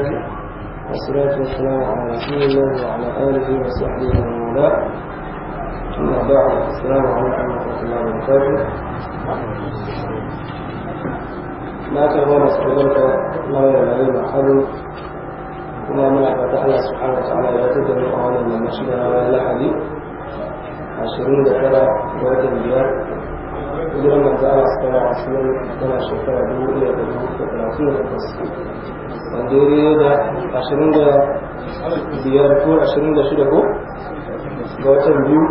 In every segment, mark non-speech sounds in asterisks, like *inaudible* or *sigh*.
الله والصلاة والسلام على رسول الله وعلى آله وصحبه ومن والاه أما بعد السلام عليكم ورحمة الله وبركاته ما كان استغفرك الله العلي الحلو وما منعك الله سبحانه وتعالى لا تدري أن من مشينا ولا حبيب عشرين ذكرى وقت البيار ودون من زعل الصلاة عشرين ثلاث شكرا دور إلى تدريب التراثيم والتصحيح wanda ya da ashirin da biyar ko ashirin da shida ko ga watan biyu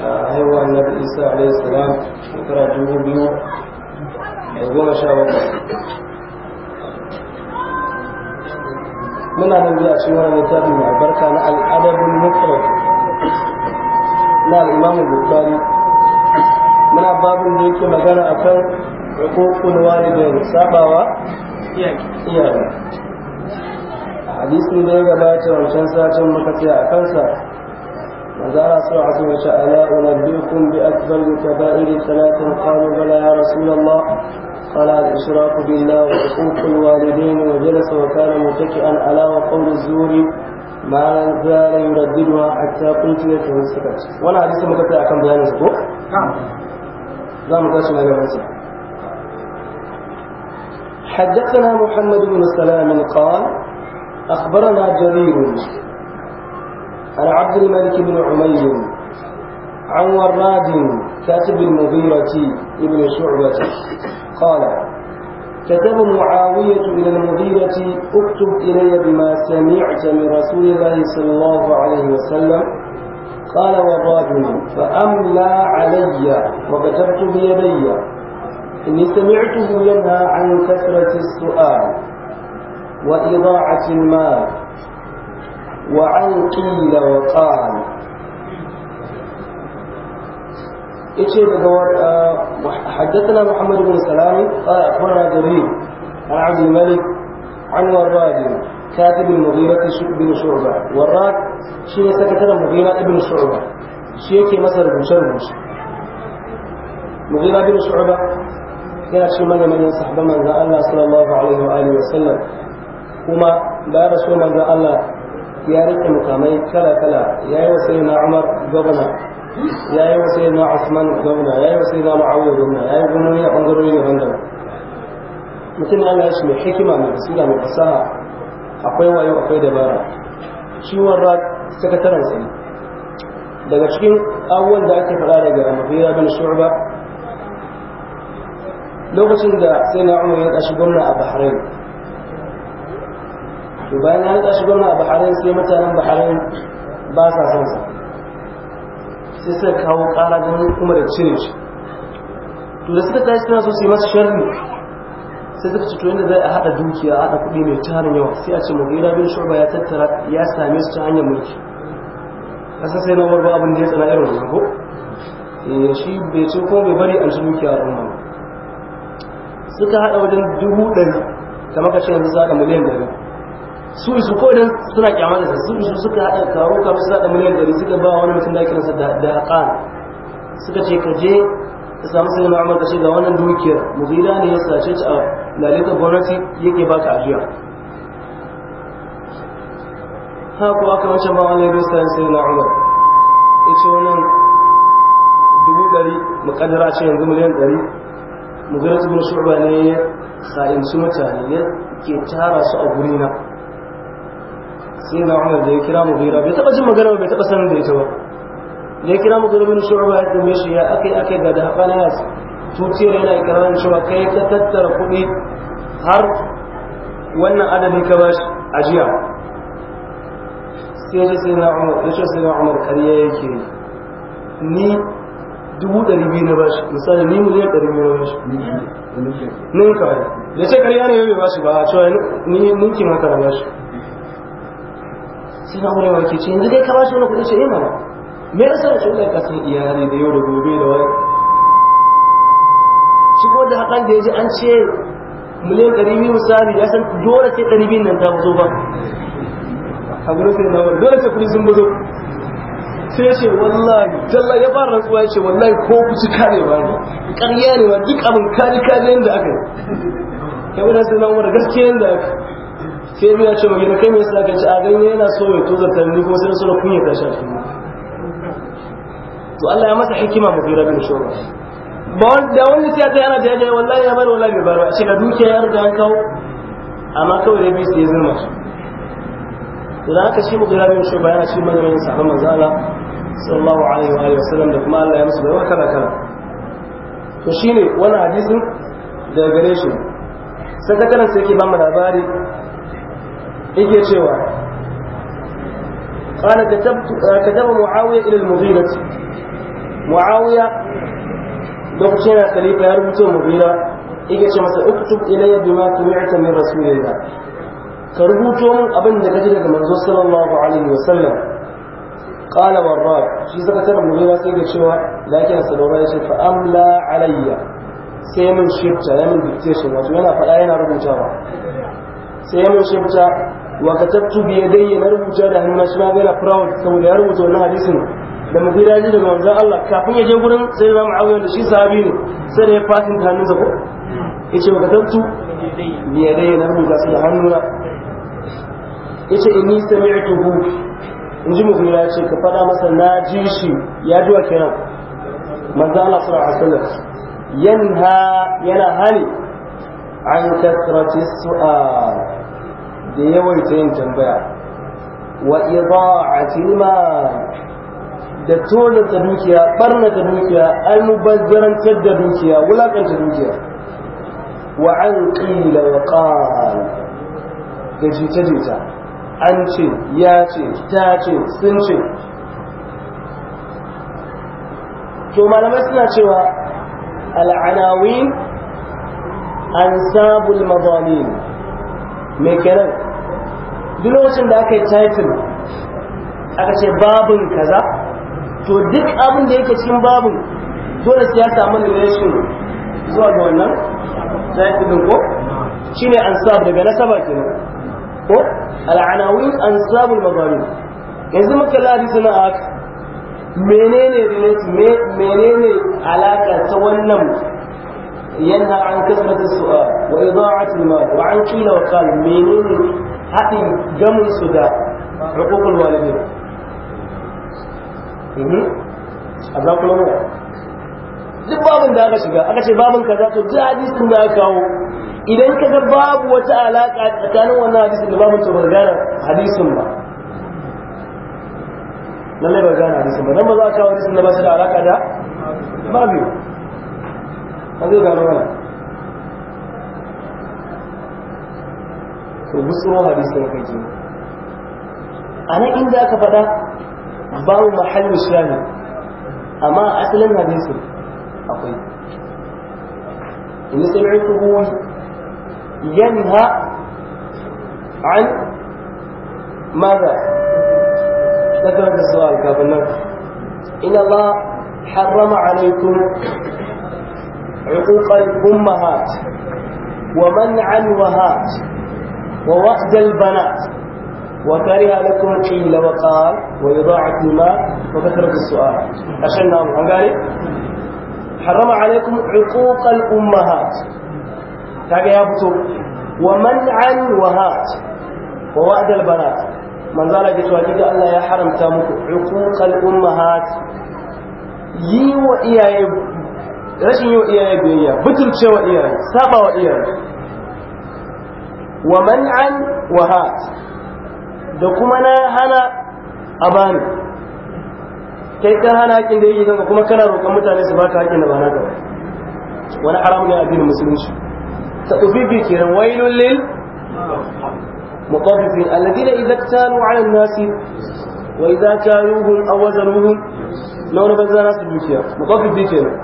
a haihuwa na da isa alaihi salam shekara dubu biyu da goma sha bakwai muna nan biya cikin wani littafi mai albarka na al'adabin mufrad na al'imam bukhari muna babin da yake magana akan hukukun walidain sabawa iyaye iyaye hadisin da ya gabata wancan satin muka tsaya a kansa manzo Allah su a cikin sha ala unabbiukum bi akbar kaba'ir salatin qalu bala ya rasulullah qala al-ishraku billah wa uququl walidayn wa jalasa wa kana mutaki'an ala wa qawl az-zuri ma zala yuraddiduha hatta qultu ya tawassakat wannan hadisin muka tsaya akan bayanin su ko za mu tashi na gaban sa حدثنا محمد بن سلام قال أخبرنا جرير عن عبد الملك بن عمير عن وراد كاتب المغيرة ابن شعبة قال كتب معاوية إلى المغيرة اكتب إلي بما سمعت من رسول الله صلى الله عليه وسلم قال وراد فأملى علي وكتبت بيدي إني سمعته ينهى عن كثرة السؤال وإضاعة المال وعن قيل وقال إيشي آه، حدثنا محمد بن سلام قال أخبرنا جرير عن عبد الملك عن وراد كاتب المغيرة بن شعبة وراد شيء سكتر المغيرة بن شعبة شيء كي مثلا بن شعبة مغيرة بن شعبة yana cikin manyan sahabban manzon Allah sallallahu alaihi wa alihi wa sallam kuma da rasul manzon Allah ya rike mukamai kala kala ya yi wasu na Umar gwamna ya yi wasu na Usman gwamna ya yi wasu na Muawiya gwamna ya yi gwamnoni a bangarori daban-daban mutum Allah ya shi mai hikima mai basira mai fasaha akwai wayo akwai dabara ciwon rak sakataren sai daga cikin abubuwan da ake faɗa daga mafira bin shu'ba lokacin da sai na umar ya tashi gwamna a bahrain to bayan ya tashi gwamna a bahrain sai mutanen bahrain ba sa son sa sai suka kawo kara ganin umar da cire shi to da suka tashi suna so su yi masa sharri sai suka cito inda zai a haɗa dukiya a haɗa kuɗi mai tarin yawa sai a ce mugira bin shurba ya tattara ya same su ta hanyar mulki kasa sai na warba abin da ya tsana irin wannan ko eh, shi bai ce ko bai bari an shi dukiya a ba suka haɗa wajen dubu ɗari kamar ka ce yanzu suka haɗa miliyan ɗari su isu ko idan suna kyamata da su isu suka haɗa taro ka su haɗa miliyan ɗari suka ba wani mutum da kiransa da aqan suka ce ka je ka samu sai ma'amar ka ce ga wannan dukiyar muzira ne ya sace ta a lalita gwamnati yake baka ajiya Ha kuwa aka wancan ba wani rusa yin sai ma'amar ya ce wannan dubu ɗari mukaddara ce yanzu miliyan ɗari مغرز بن شعبانية سائل سمة تانية كي تارا سأبرينا سيدنا عمر دي كرام مغيرا بيتقس مغرب بيتقس مغيرا دي كرام مغرز بن شعبانية يا أكي أكي قد هقال ناس توتير هنا إكرام شوى كي تتتر قبيل هر وانا أدى دي كباش أجيع سيدنا عمر سيدنا عمر كريا يكي ني dubu ɗari biyu na bashi misali ni miliyan ɗari biyu na bashi Nun ninka da ce karya ne bai bashi ba a cewa ninkin haka na bashi sai na wurin wake ce yanzu dai ka bashi wani kuɗi ce ina eh, ba me yasa shi da kasan iyali da yau da gobe da wani shi da hakan da ya ji an ce miliyan ɗari biyu misali ya san dole sai ɗari biyun nan ta zo ba a gurin sai na dole sai kuɗi sun bazo sai ya ce wallahi talla ya fara rantsuwa ya ce wallahi ko kuci kare ba ne ƙarya ne ba duk abin kari kari yadda aka yi kamar da sai na umar gaskiya yadda aka sai biya ce magana kai mai sa ka ci a ganye yana so mai toza ta ni kuma sai so na kunya ta shafi to Allah ya masa hikima mu gira bin shura ba wanda wani sai ta yana jaje wallahi ya bar wallahi bai bar a ce ka duke ya riga an kawo amma kawai dai bai sai zuma to da aka shi mu gira bin ba yana cikin manzon sa manzon Allah sallallahu alaihi wa sallam da kuma Allah ya musu da kala kala to shine wani hadisin da gare shi sai ta kana sai ke ba mu labari yake cewa qala katabtu kataba muawiya ila al-mughira muawiya lokacin da khalifa ya rubuta mughira yake ce masa uktub ilayya bima tumi'ta min rasulillah ka rubuto min abin da kaji daga manzo sallallahu alaihi wa sallam qala warraq shi sakataren mu ba sai ga cewa lakin sadora ya ce fa amla alayya sai mun shifta ya mun dictation wato yana faɗa yana rubutawa sai mun shifta wa katabtu bi yadayya na rubuta da hannu shi ma yana proud saboda ya rubuta wannan hadisin da mu gida daga manzon Allah kafin ya je gurin sai Imam Awiya da shi sahabi ne sai da ya ta hannunsa ko yace baka tantu ni yadayya na rubuta su da hannuna yace inni sami'tuhu Inji ji mutum ya ce ka faɗa masa na ji shi ya ji wa kenan manzo Allah sallallahu alaihi yanha yana hali an kasrati su'al da yawaita yin tambaya wa ida'ati mal da tona ta dukiya barna ta dukiya almubazzarantar da dukiya wulakanta dukiya wa an qila wa qal da jita jita an ce ya ce ta ce sun ce to malamai suna cewa al'anawi an sabul mazali mai kenan duk lokacin da aka yi title aka ce babin kaza to duk abin da yake cikin babin dole sai ya samu relation zuwa ga wannan title ko shine sabu daga nasaba kenan ko al'anawin an sabu mazalim yanzu muka lari suna a menene menene alaka ta wannan yana an kasbata su'a wa ida'at al-mal wa an kila wa qal menene hadi gamin su da huququl walidin mhm azza duk babin da aka shiga aka ce babin kaza to duk hadisin da aka kawo idan ka ga babu wata alaka tsakanin wannan hadisin da babin to bargana hadisin ba lallai bargana hadisin ba dan ba za ka kawo hadisin da ba su da alaka da babu an zai gano wannan to musulman hadisin kake a nan inda aka faɗa babu mahallin shani amma asalin hadisin أطيب اللي سمعته ينهى عن ماذا ذكرت السؤال قبل إن الله حرم عليكم عقوق الأمهات ومنع الوهات ووأد البنات وكره لكم قيل وقال وإضاعة المال وكثرة السؤال أشلناهم عن ذلك harama alaikum uquqal ummahat kaga ya fito wa man'an wahat wa wa'dal banat manzo Allah ya cewa Allah ya haramta muku uquqal ummahat yi wa iyaye rashin yi wa iyaye biyayya butulce wa iyaye saba wa wa da kuma na hana abani kai ka hana hakkin da yake kanka kuma kana roƙon mutane su baka hakkin da ba naka ba wani haram ne addinin musulunci ta ubibi kiran wailul lil muqaffifin alladina idza kanu ala nasi wa idza kaluhum aw wazanuhum launa banza nasu dukiya muqaffifi kenan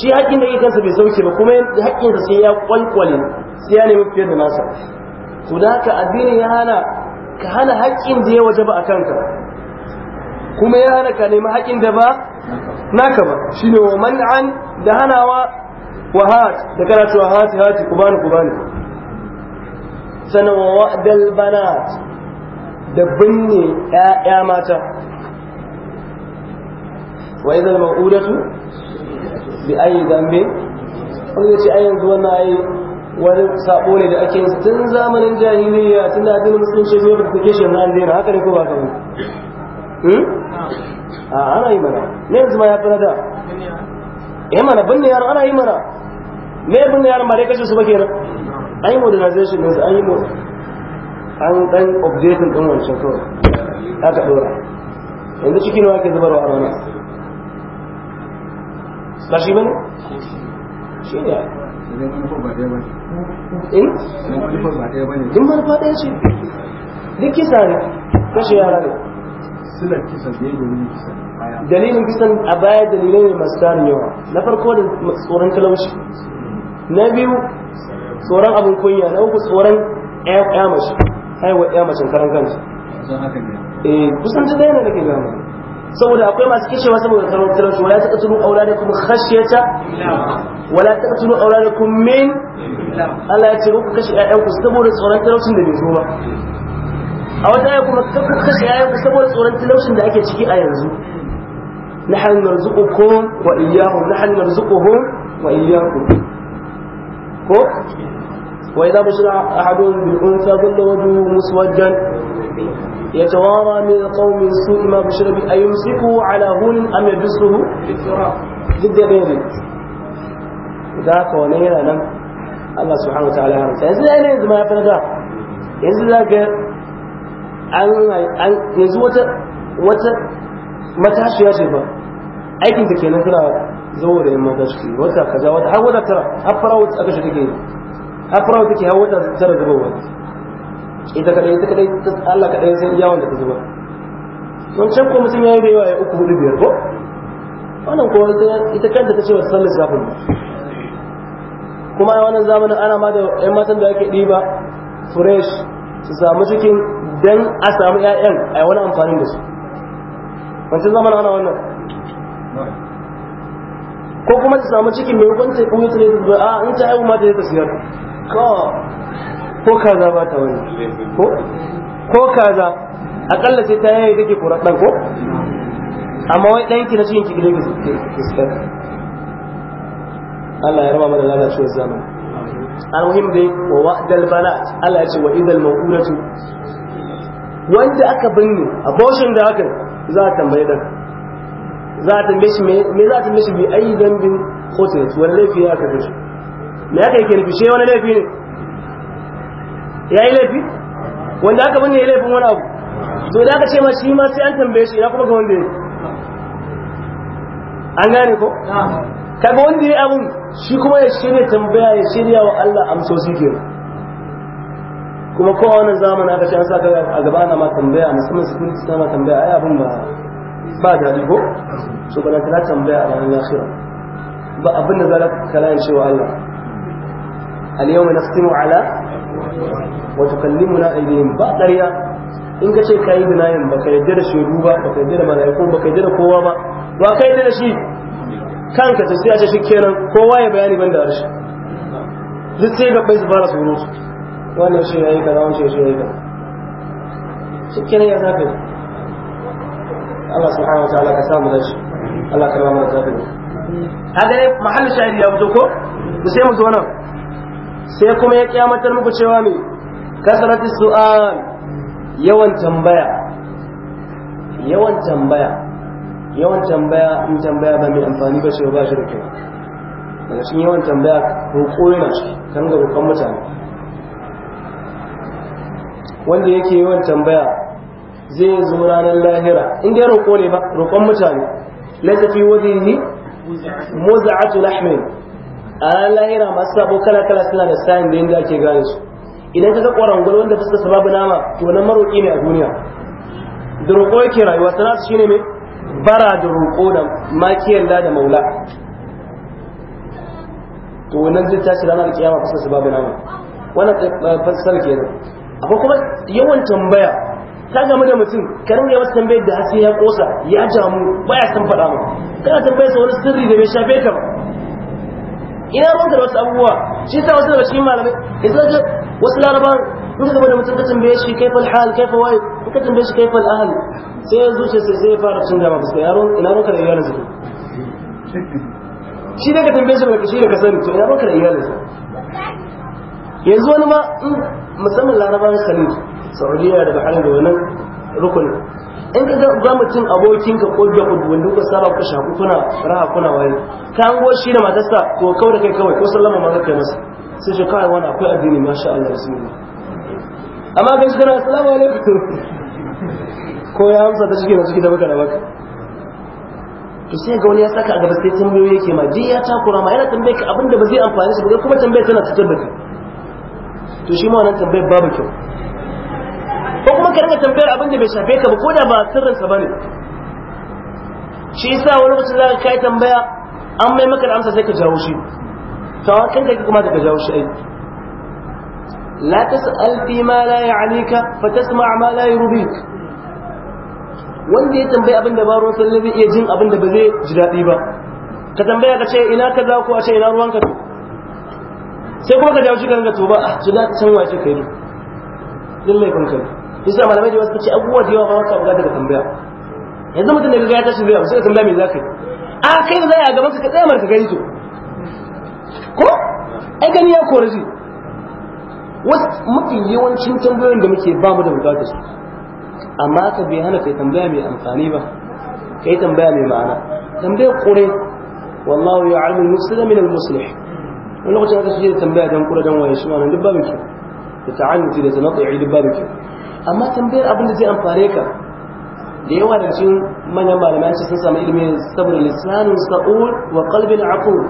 shi haƙin da yake kansa bai sauke ba kuma haƙin da sai ya kwalkwale sai ya nemi fiye da nasa to da haka addinin ya hana ka hana hakkin da ya waje ba a kanka kuma ya hana ka nemi haƙin da ba naka ba shine wa man'an da hanawa wa hat da kana cewa hati hati ku bani ku bani sannan wa wa'dal banat da binne ya mata wa idal ma'udatu bi ayi dambe wani ya ce ai yanzu wannan ai wani sabo ne da ake yin tun zamanin jahiliya tun da addinin musulunci ne da take shi na an haka ne ko ba ka Hmm? a ah, ana yi mana ne yanzu ma ya fi da eh mana binne yaro ana yi mana ne binne yaro ma kashe su ba kenan an yi modernization yanzu an yi mu an dan updating din wancan kawai dora yanzu cikin wa ake zubarwa a rana ba shi shi ne eh? in kashe yara ne silar kisan da ya dalilin kisan dalilin kisan a baya dalilai ne masu tarin yawa na farko da tsoron talauci na biyu tsoron abin kunya na uku tsoron ya mace haihuwa ya mace karan kanta eh kusan ta daya ne da ke gama saboda akwai masu kishewa saboda tsoron talauci wala ta katulu auladakum khashyata wala ta da auladakum min Allah ya ce ku kashe ƴaƴanku saboda tsoron talaucin da bai zo ba a wata ya kuma kashe yayan saboda tsoron talaucin da ake ciki a yanzu nahnu narzuqukum wa iyyahum nahnu narzuquhum wa iyyakum ko wa idza bushira ahadun bil unsa dhalla wajhuhu muswajjan يتوارى من القوم سوء ما بشر به أيمسكه على هون أم يدسه ضد بيبي ذاك ونينا nan. Allah subhanahu wataala ya haramta yanzu da yanzu ma ya fi nada yanzu za ga an yanzu wata wata matashiya ce ba aikin ta kenan tana zawo da yamma gaske wata kaza wata har wata tara har fara wata aka shi take har fara wata ke har wata tara zuba wata ita kadai ita kadai Allah kadai san iya wanda ta zuba wancan ko mutum yayi da yawa ya uku hudu biyar ko wannan ko ita kanta ta ce wa sallar zafin kuma a wannan zamanin ana ma da yan matan da ake ɗiba fresh su samu cikin don a samu 'ya'yan a wani amfani da su wancan zama ana wannan ko kuma ta samu cikin mai hukunta kuma yi tare da a in ta haihu ma ta yi ta siyar ko kaza ba ta wani ko kaza akalla sai ta yaya take kura ɗan ko amma wai ɗanki na cikin kigile ki fuskar Allah ya rama mana lalacewar zamani al-muhim dai wa wa'dal banat Allah ya ce wa idal mawqulatu wanda aka binne abortion da hakan za a tambaye da za a tambaye shi me za a tambaye shi bi ayi dambin hotel wani laifi ya aka shi me aka yake nufi shi wani laifi ne ya yi laifi wanda aka binne ya laifin wani abu to da aka ce ma shi ma sai an tambaye shi ina kuma ga wanda ya an gane ko kaga wanda ya abun shi kuma ya shirya tambaya ya shirya wa Allah amsoshi kenan kuma kowa wani zamani aka ce an saka a gaba na ma tambaya musamman su kun suna ma tambaya ai abin ba ba daɗi ko so ba na tambaya a ranar lafiya ba abin da za ka kala in cewa Allah al-yawma nafsimu ala wa tukallimuna aydihim ba ƙarya in ka ce ka yi dinayin ba ka yadda da shaidu ba ba ka yadda da mala'iku ba ka yadda da kowa ba ba ka yadda da shi kanka sai a ce shi kenan kowa ya bayani ban da harshe duk sai ga bai su fara tsoro su wannan shi ya yi kaza wancan shi ya yi kaza shi kenan ya zafi Allah subhanahu wa ta'ala ka samu da shi Allah ka ba mu zafi kaga ne mahallin shahidi ya fito ko mu sai mu zo nan sai kuma ya kiyamatar muku cewa me kasratis su'al yawan tambaya yawan tambaya yawan tambaya in tambaya ba mai amfani ba ce ba shi da kyau daga cikin yawan tambaya roƙo yana shi kan ga roƙon mutane wanda yake yawan tambaya zai yanzu ranar lahira in dai roƙo ne ba roƙon mutane laisa fi wajihi yi moza a ranar lahira masu sabo kala kala suna da sayin da yadda ake gane su idan ka ga ƙwarangwal wanda fuska sa babu nama to nan maroƙi ne a duniya da roƙo yake rayuwa sana su shine mai bara da roƙo da makiyar da da maula to wannan zai tashi ranar kiyama fuska sa babu nama wannan eh, eh, fassar kenan akwai kuma yawan tambaya ta gamu da mutum karin ya wasu tambayar da hasi ya kosa ya jamu baya san faɗa mu kana tambayar sa wani sirri da bai shafe ka ba ina ruwan da wasu abubuwa shi sa wasu daga cikin malamai idan ka wasu laraba in ka gaba da mutum ka tambaye shi kaifal hal kaifal waye in ka tambaye shi fal ahal sai ya zuce sai sai ya fara cin dama fuska yaro ina ruwan da iyalin sa *laughs* shi daga ka tambaye shi daga kashi da ka sani to ina ruwan da iyalin sa yanzu wani ma musamman Larabar khalil saudiya da bahrain da wannan rukunin in ka ga mutum abokinka ko da kudu wanda ka saba ku shaku kuna raha kuna waye ka an shi da matarsa ko kawai da kai kawai ko sallama ma kai masa sai shi kawai wani akwai addini masha Allah bismillah amma ga shi kana assalamu alaikum *laughs* ko ya amsa ta shige na ciki da baka da baka to sai ga wani ya saka a gaba sai tambayoyi yake ma ji ya takura ma yana tambaye ka abinda ba zai amfani shi ba kuma tambayar tana ta tabbata to shi ma wannan tambayar babu kyau ko kuma ka rinka tambayar abin da bai shafe ka ba ko da ba sirrinsa ba ne shi yasa wani mutum za kai tambaya an mai maka amsa sai ka jawo shi to a kanka ka da ka jawo shi ai la tas'al fi ma la ya'nika fa tasma' ma la yurbik wanda ya tambayi abin da ba ruwan sallabi iya jin abin da ba zai ji daɗi ba ka tambaya ka ce ina kaza ko a ce ina ruwanka to sai kuma ka jawo shi ka ringa tuba a to za ka san wace kai ne din laifin kai yasa malamai da wasu ka ce abubuwa da yawa ba wata buƙatar ka tambaya yanzu mutum da ya tashi biya sai ka tambaya me za ka yi a kai da za a gaban ka ka tsaya marka gani to ko ai gani ya kore shi wasu mafi yawancin tambayoyin da muke ba mu da buƙatar su amma ka bai hana kai tambaya mai amfani ba kai tambaya mai ma'ana tambayar kore wallahu ya'lamu al-muslima min al-muslih wani lokacin haka suke tambaya don kula don waye shi ma nan duk babu kyau da ta'annuti da tanattu'i duk babu kyau amma tambayar abin da zai amfane ka da yawa da cikin manyan malamai ce sun samu ilimi saboda lisanin sa'ul wa kalbin aqul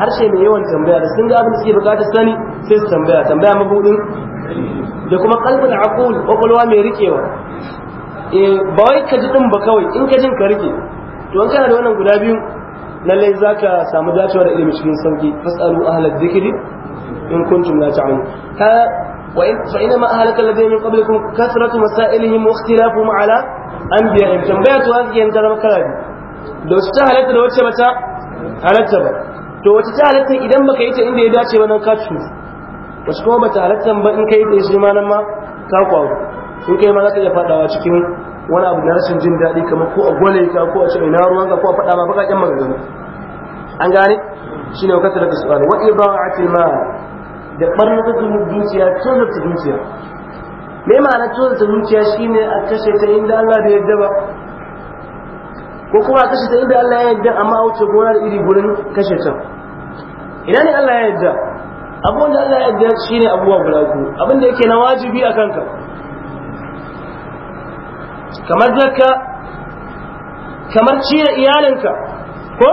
harshe mai yawan tambaya da sun ga abin da suke bukata sani sai su tambaya tambaya mabudin da kuma qalbin aqul kwakwalwa mai rikewa eh, ba wai ka ji din ba kawai in ka jin ka rike to an kana da wannan guda biyu lallai za ka samu dacewa da ilimin cikin sauki fasalu ahlal zikiri in kuntum la ta'lamun ka wa in fa inma ahlaka alladhina min qablikum kathratu masailihim wa ikhtilafuhum ala anbiya'ihim tambaya to haka yanzu zama karabi da wacce ta halatta da wacce bata halatta ba to wacce ta halatta idan baka yi ta inda ya dace ba nan ka tsu wacce kuma bata halatta ba in kai da shi ma nan ma ka kwawo? in kai ma za ka iya fadawa cikin wani abu na rashin jin daɗi kamar ko a gole ka ko a ce ina ruwan ka ko a faɗa ma baƙaƙen maganganu an gane shi ne wakatar da su'ani wa ce ma da da ta dukiya tozar ta dukiya me ma'ana tozar ta shi ne a kashe ta inda Allah bai yadda ba ko kuma a kashe ta inda Allah ya yarda amma a wuce gona da iri gurin kashe ta ina ne Allah ya yarda abubuwan da Allah ya yarda ne abubuwa guda biyu abin da yake na wajibi a kanka kamar zakka kamar ci da iyalinka ko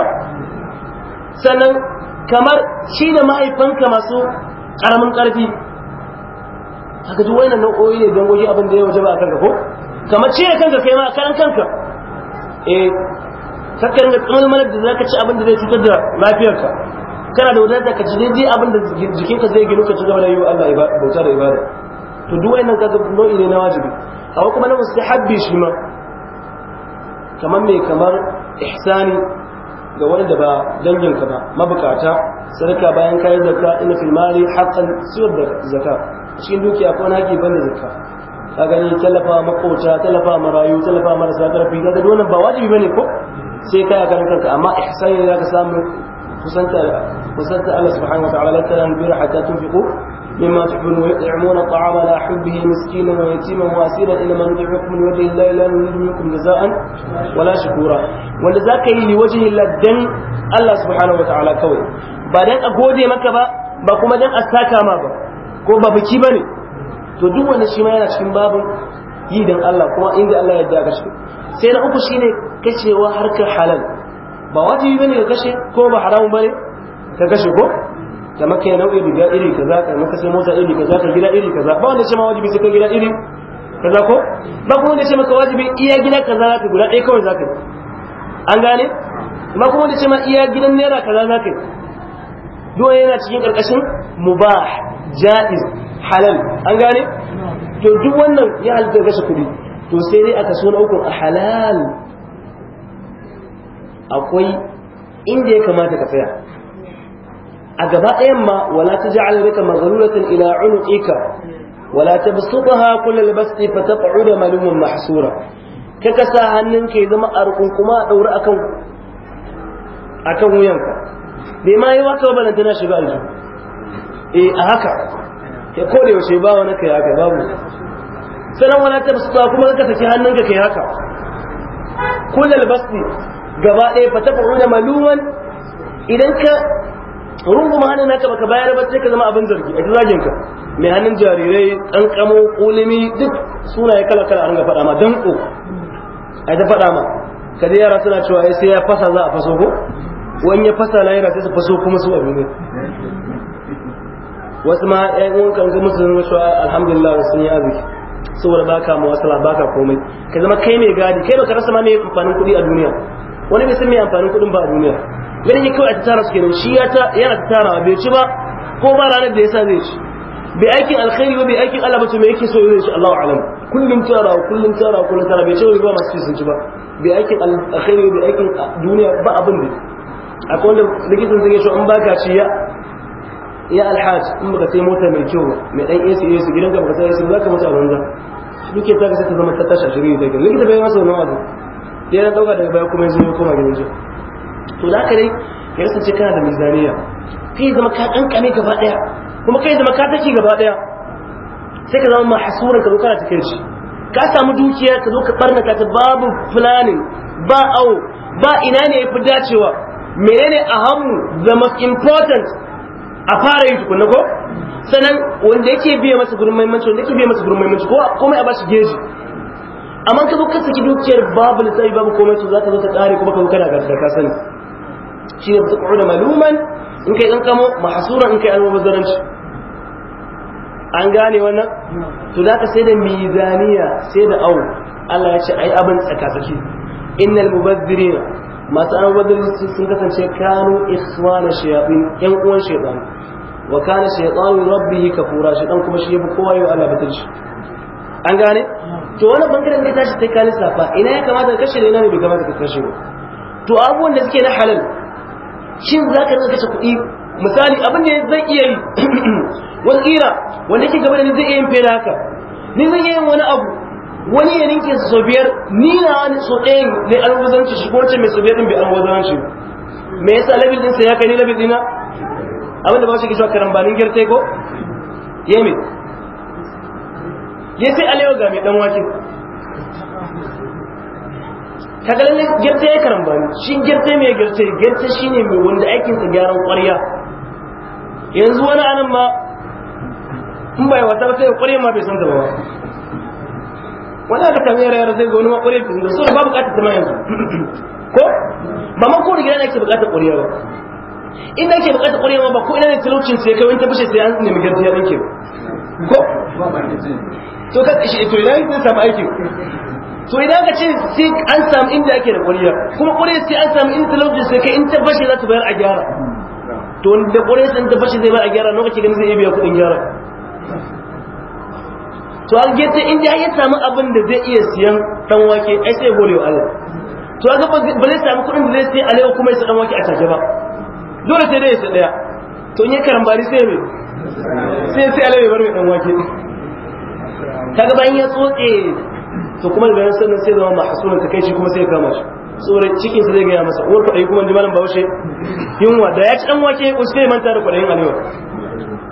sannan kamar ci da mahaifanka masu karamin karfi haka duk wayannan nau'o'i ne don goji abin da ya waje ba a kanka ko kamar ci da kanka kai ma a karan kanka eh kakka ga tsamalmalar da zaka ci abin da zai cutar da lafiyarka kana da wadata ka ci daidai abin da jikinka zai gina ka ci gaba da yi wa Allah bauta da ibada to duk wayannan kaga nau'i ne na wajibi akwai kuma na mustahabbi shi ma kamar mai kamar ihsani ga wani da ba danginka ba mabukata sadaka bayan kayan zakka ina fil mali haqqan siyar da zakka cikin dukiya ko na haƙi banda zakka ka gani tallafa makota tallafa marayu tallafa marasa karfi ka ga wannan ba wajibi bane ko sai kai karan kanka amma ihsani zaka samu kusanta kusanta Allah subhanahu wa ta'ala la tanbiru hatta tunfiqu مما تحبون ويطعمون الطعام على حبه مسكينا ويتيما واسيرا انما ندعوكم لوجه الله لا نريد منكم جزاء ولا شكورا za ka yi wajen laddan Allah subhanahu wa ta'ala kawai ba dan a gode maka ba ba kuma dan a saka ba ko ba biki ba to duk wani shi ma yana cikin babin yi ala Allah kuma inda ala ya daga shi sai na uku shine kashewa harka halal ba wajibi bane ka kashe ko ba haramun ka kashe ko ka maka nau'i riga iri kaza ka maka sai mota iri kaza ka gida iri kaza ba wanda ya ce ma wajibi sai ka gida iri kaza ko ba kuma wanda ya ce maka wajibi iya gida kaza za zaka guda ɗaya kawai zaka yi an gane ba kuma wanda ya ce ma iya gidan naira kaza zaka yi duk yana cikin ƙarƙashin mubah jaiz halal an gane to duk wannan ya halitta kashe kuɗi to sai dai a so na uku a halal akwai inda ya kamata ka tsaya a gaba ɗayan ma wala ta taj'al rika maghlulatan ila unuqika wala ta tabsutha kullal basti fataq'uda maluman mahsura ka sa hannunka ya zama a rukunkuma a daure akan akan wuyanka bai ma yi waka ba tana shiga aljihu eh a haka ya kode yaushe ba wani kai haka babu sanan wala ta tabsutha kuma ka saki hannunka kai haka kullal basti gaba ɗaya fataq'uda maluman idan ka rungu ma hannun naka baka bayar ba sai ka zama abin zargi a zagin ka mai hannun jarirai kankamo kulimi duk sunaye kala kala an ga faɗa ma danko a ta faɗa ma ka dai yara suna cewa sai ya fasa za a faso ko wani ya fasa na yara sai su faso kuma su abu ne wasu ma ƴan uwan kan ga musu zama cewa alhamdulillah wasu yi arziki saboda baka muwasala baka komai ka zama kai mai gadi kai baka rasa ma mai amfanin kuɗi a duniya wani bai san mai amfanin kuɗin ba a duniya yanayi kawai a tara su kenan shi yana tara bai ci ba ko ba ranar da ya sa zai ci bai aikin alkhairi ba bai aikin Allah ba to me yake so zai ci Allahu alam kullum tara kullum tara kullum tara bai ci ba masu ci sun ci ba bai aikin alkhairi bai aikin duniya ba abin da akwai wanda likitan zai shi an baka ci ya ya alhaj in baka sai mota mai kyau mai dan AC AC gidan ka baka sai AC zaka mutu a banza duke ta ga sai ta zama ta tashi a shirin da gidan likita bai masa wannan abu ya dauka daga baya kuma ya zo koma gidan jiya to da aka dai ya kasance kana da mizaniya kai zama ka kankane gaba daya kuma kai zama ka take gaba daya sai ka zama mahasuran ka zo kana cikin shi ka samu dukiya ka zo ka barna ta babu planning ba au ba ina ne yafi dacewa menene ahammu the most important a fara yi tukunna ko sanan wanda yake biya masa gurin maimanci wanda yake biya masa gurin maimanci ko komai a bashi geji amma ka zo ka saki dukiyar babu lissafi babu komai to za ka zo ta kare kuma ka zo kana gargar ka sani shi ne suka da maluman in kai kankamo mahasura in kai almubazzaranci an gane wannan to za ka sai da mizaniya sai da awo Allah ya ce ai abin tsakatsaki innal mubazzirina masu almubazzaranci sun kasance kanu ikhwana shayatin yan uwan shaytan wa kana shaytanu rabbihi kafura shaytan kuma shi ya fi kowa yau Allah batunci an gane to wani bangaren da tashi ta ka lissafa ina ya kamata ka kashe ne ina ne bai kamata ka kashe ba to abubuwan da suke na halal shin za ka kashe kuɗi misali abin da zan iya yi *clears throat* wani ƙira wanda yake gaba da ni zai iya yin fela haka ni zan iya yin wani abu wani ya ninke su sau biyar ni na wani so ɗaya ne an wazanci shi ko mai sau biyar ɗin bai an wazanci me yasa labin ɗinsa ya kai ni labin ɗina abin da ba shi ke cewa karambanin girtai ko yemi ya sai alewa ga mai ɗan wakin kaga lalle girte ya karambani shi girte mai girte girte shine mai wanda aikin sa gyaran ƙwarya yanzu wani anan ma in bai wata ba sai ƙwarya ma bai san ta ba wani aka kame yara yara zai ga wani ma ƙwarya bai san ta so ba bukatar ta ma yanzu *clears throat* ko ba ma ko riga ake bukatar ƙwarya ba inda ake bukatar ƙwarya ma ba ko ina ne talaucin sai kai wani ta bushe sai an nemi girte ya ɗauke ko to ka to ina ne zai samu aikin to idan ka ce sai an samu inda ake da kwariya kuma kwariya sai an samu inda talauci sai kai in ta fashe za ta bayar a gyara to da kwariya sai ta fashe zai bayar a gyara lokaci ganin zai iya biya kuɗin gyara to an gete inda ya samu abin da zai iya siyan dan wake ai sai gore wa Allah to ga ba zai samu kuɗin da zai siya alewa kuma ya sa dan wake a caje ba dole sai dai ya sa daya to in ya karambari sai me sai sai alewa bar mai dan wake kaga bayan ya tsotse to kuma daga nan sannan sai zama kai shi kuma sai kama shi tsoron cikin sa zai gaya masa uwar kwaɗayi kuma ji malam bahaushe yunwa da ya ci dan wake usai zai manta da kwaɗayin alewa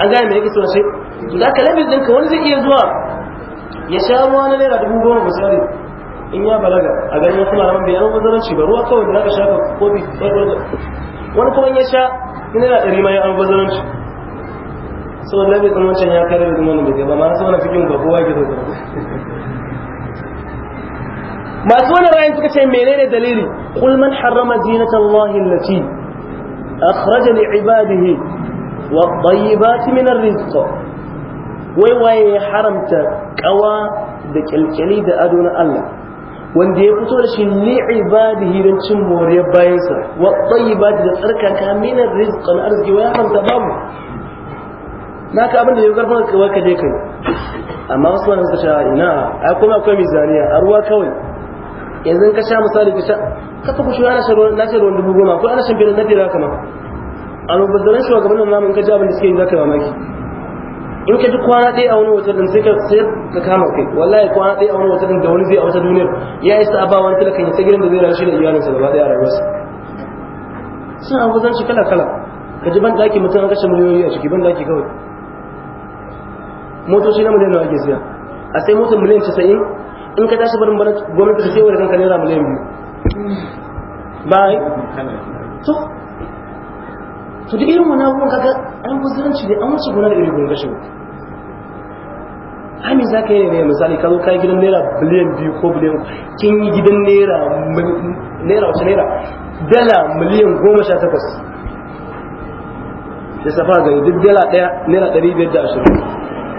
an gane me yake so sai to da din ka wani zai iya zuwa ya sha ruwa na naira dubu goma misali in ya balaga a ganin kuma ran bai yawan bazaranci ba ruwa kawai da ka sha ka kofi wani kuma ya sha ina yana ɗari ma ya an bazaranci saboda labe tsan wancan ya kai da tsan da bai ba ma na saboda fikin ba kowa masu wannan ra'ayin suka ce menene dalili qul man harrama zinatallahi allati akhraja li ibadihi wa tayyibati min arrizq wai waye haramta kawa da kyalkyali da ado na Allah wanda ya fito da shi li ibadihi don cin bayan sa wa tayyibati da tsarkaka min arrizq na arziki wai haramta babu naka abin da ya karfin kawai ka kai amma wasu wani suka ina ai kuma akwai mizaniya a kawai yanzu ka sha misali ka sha ka fa kushe ana sharo na sharo dubu goma ko ana shan na fira kama a mubazzaran shugabannin namun ka ji abin da suke yi zaka mamaki in ka ji kwana ɗaya a wani wata din sai ka kama kai wallahi kwana ɗaya a wani wata din da wani zai a wata duniyar ya isa ba wani talakan ya ta gidan da zai rashi da iyalinsa gaba ɗaya a rayuwarsa suna mubazzaranci kala kala ka ji ban ɗaki mutum an kashe miliyoyi a ciki ban ɗaki kawai motoci na miliyan nawa ake siya a sai motar miliyan casa'in in ka tashi barin barin gwamnati ta tewa da kanka naira miliyan biyu ba yi to to da irin wani abubuwan kaga an musulunci da an wuce gona da irin gwamnati shi ami za ka yi ne misali ka zo kayi gidan naira biliyan biyu ko biliyan kin yi gidan naira naira wace naira dala miliyan goma sha takwas da safa gani duk dala ɗaya naira ɗari biyar da ashirin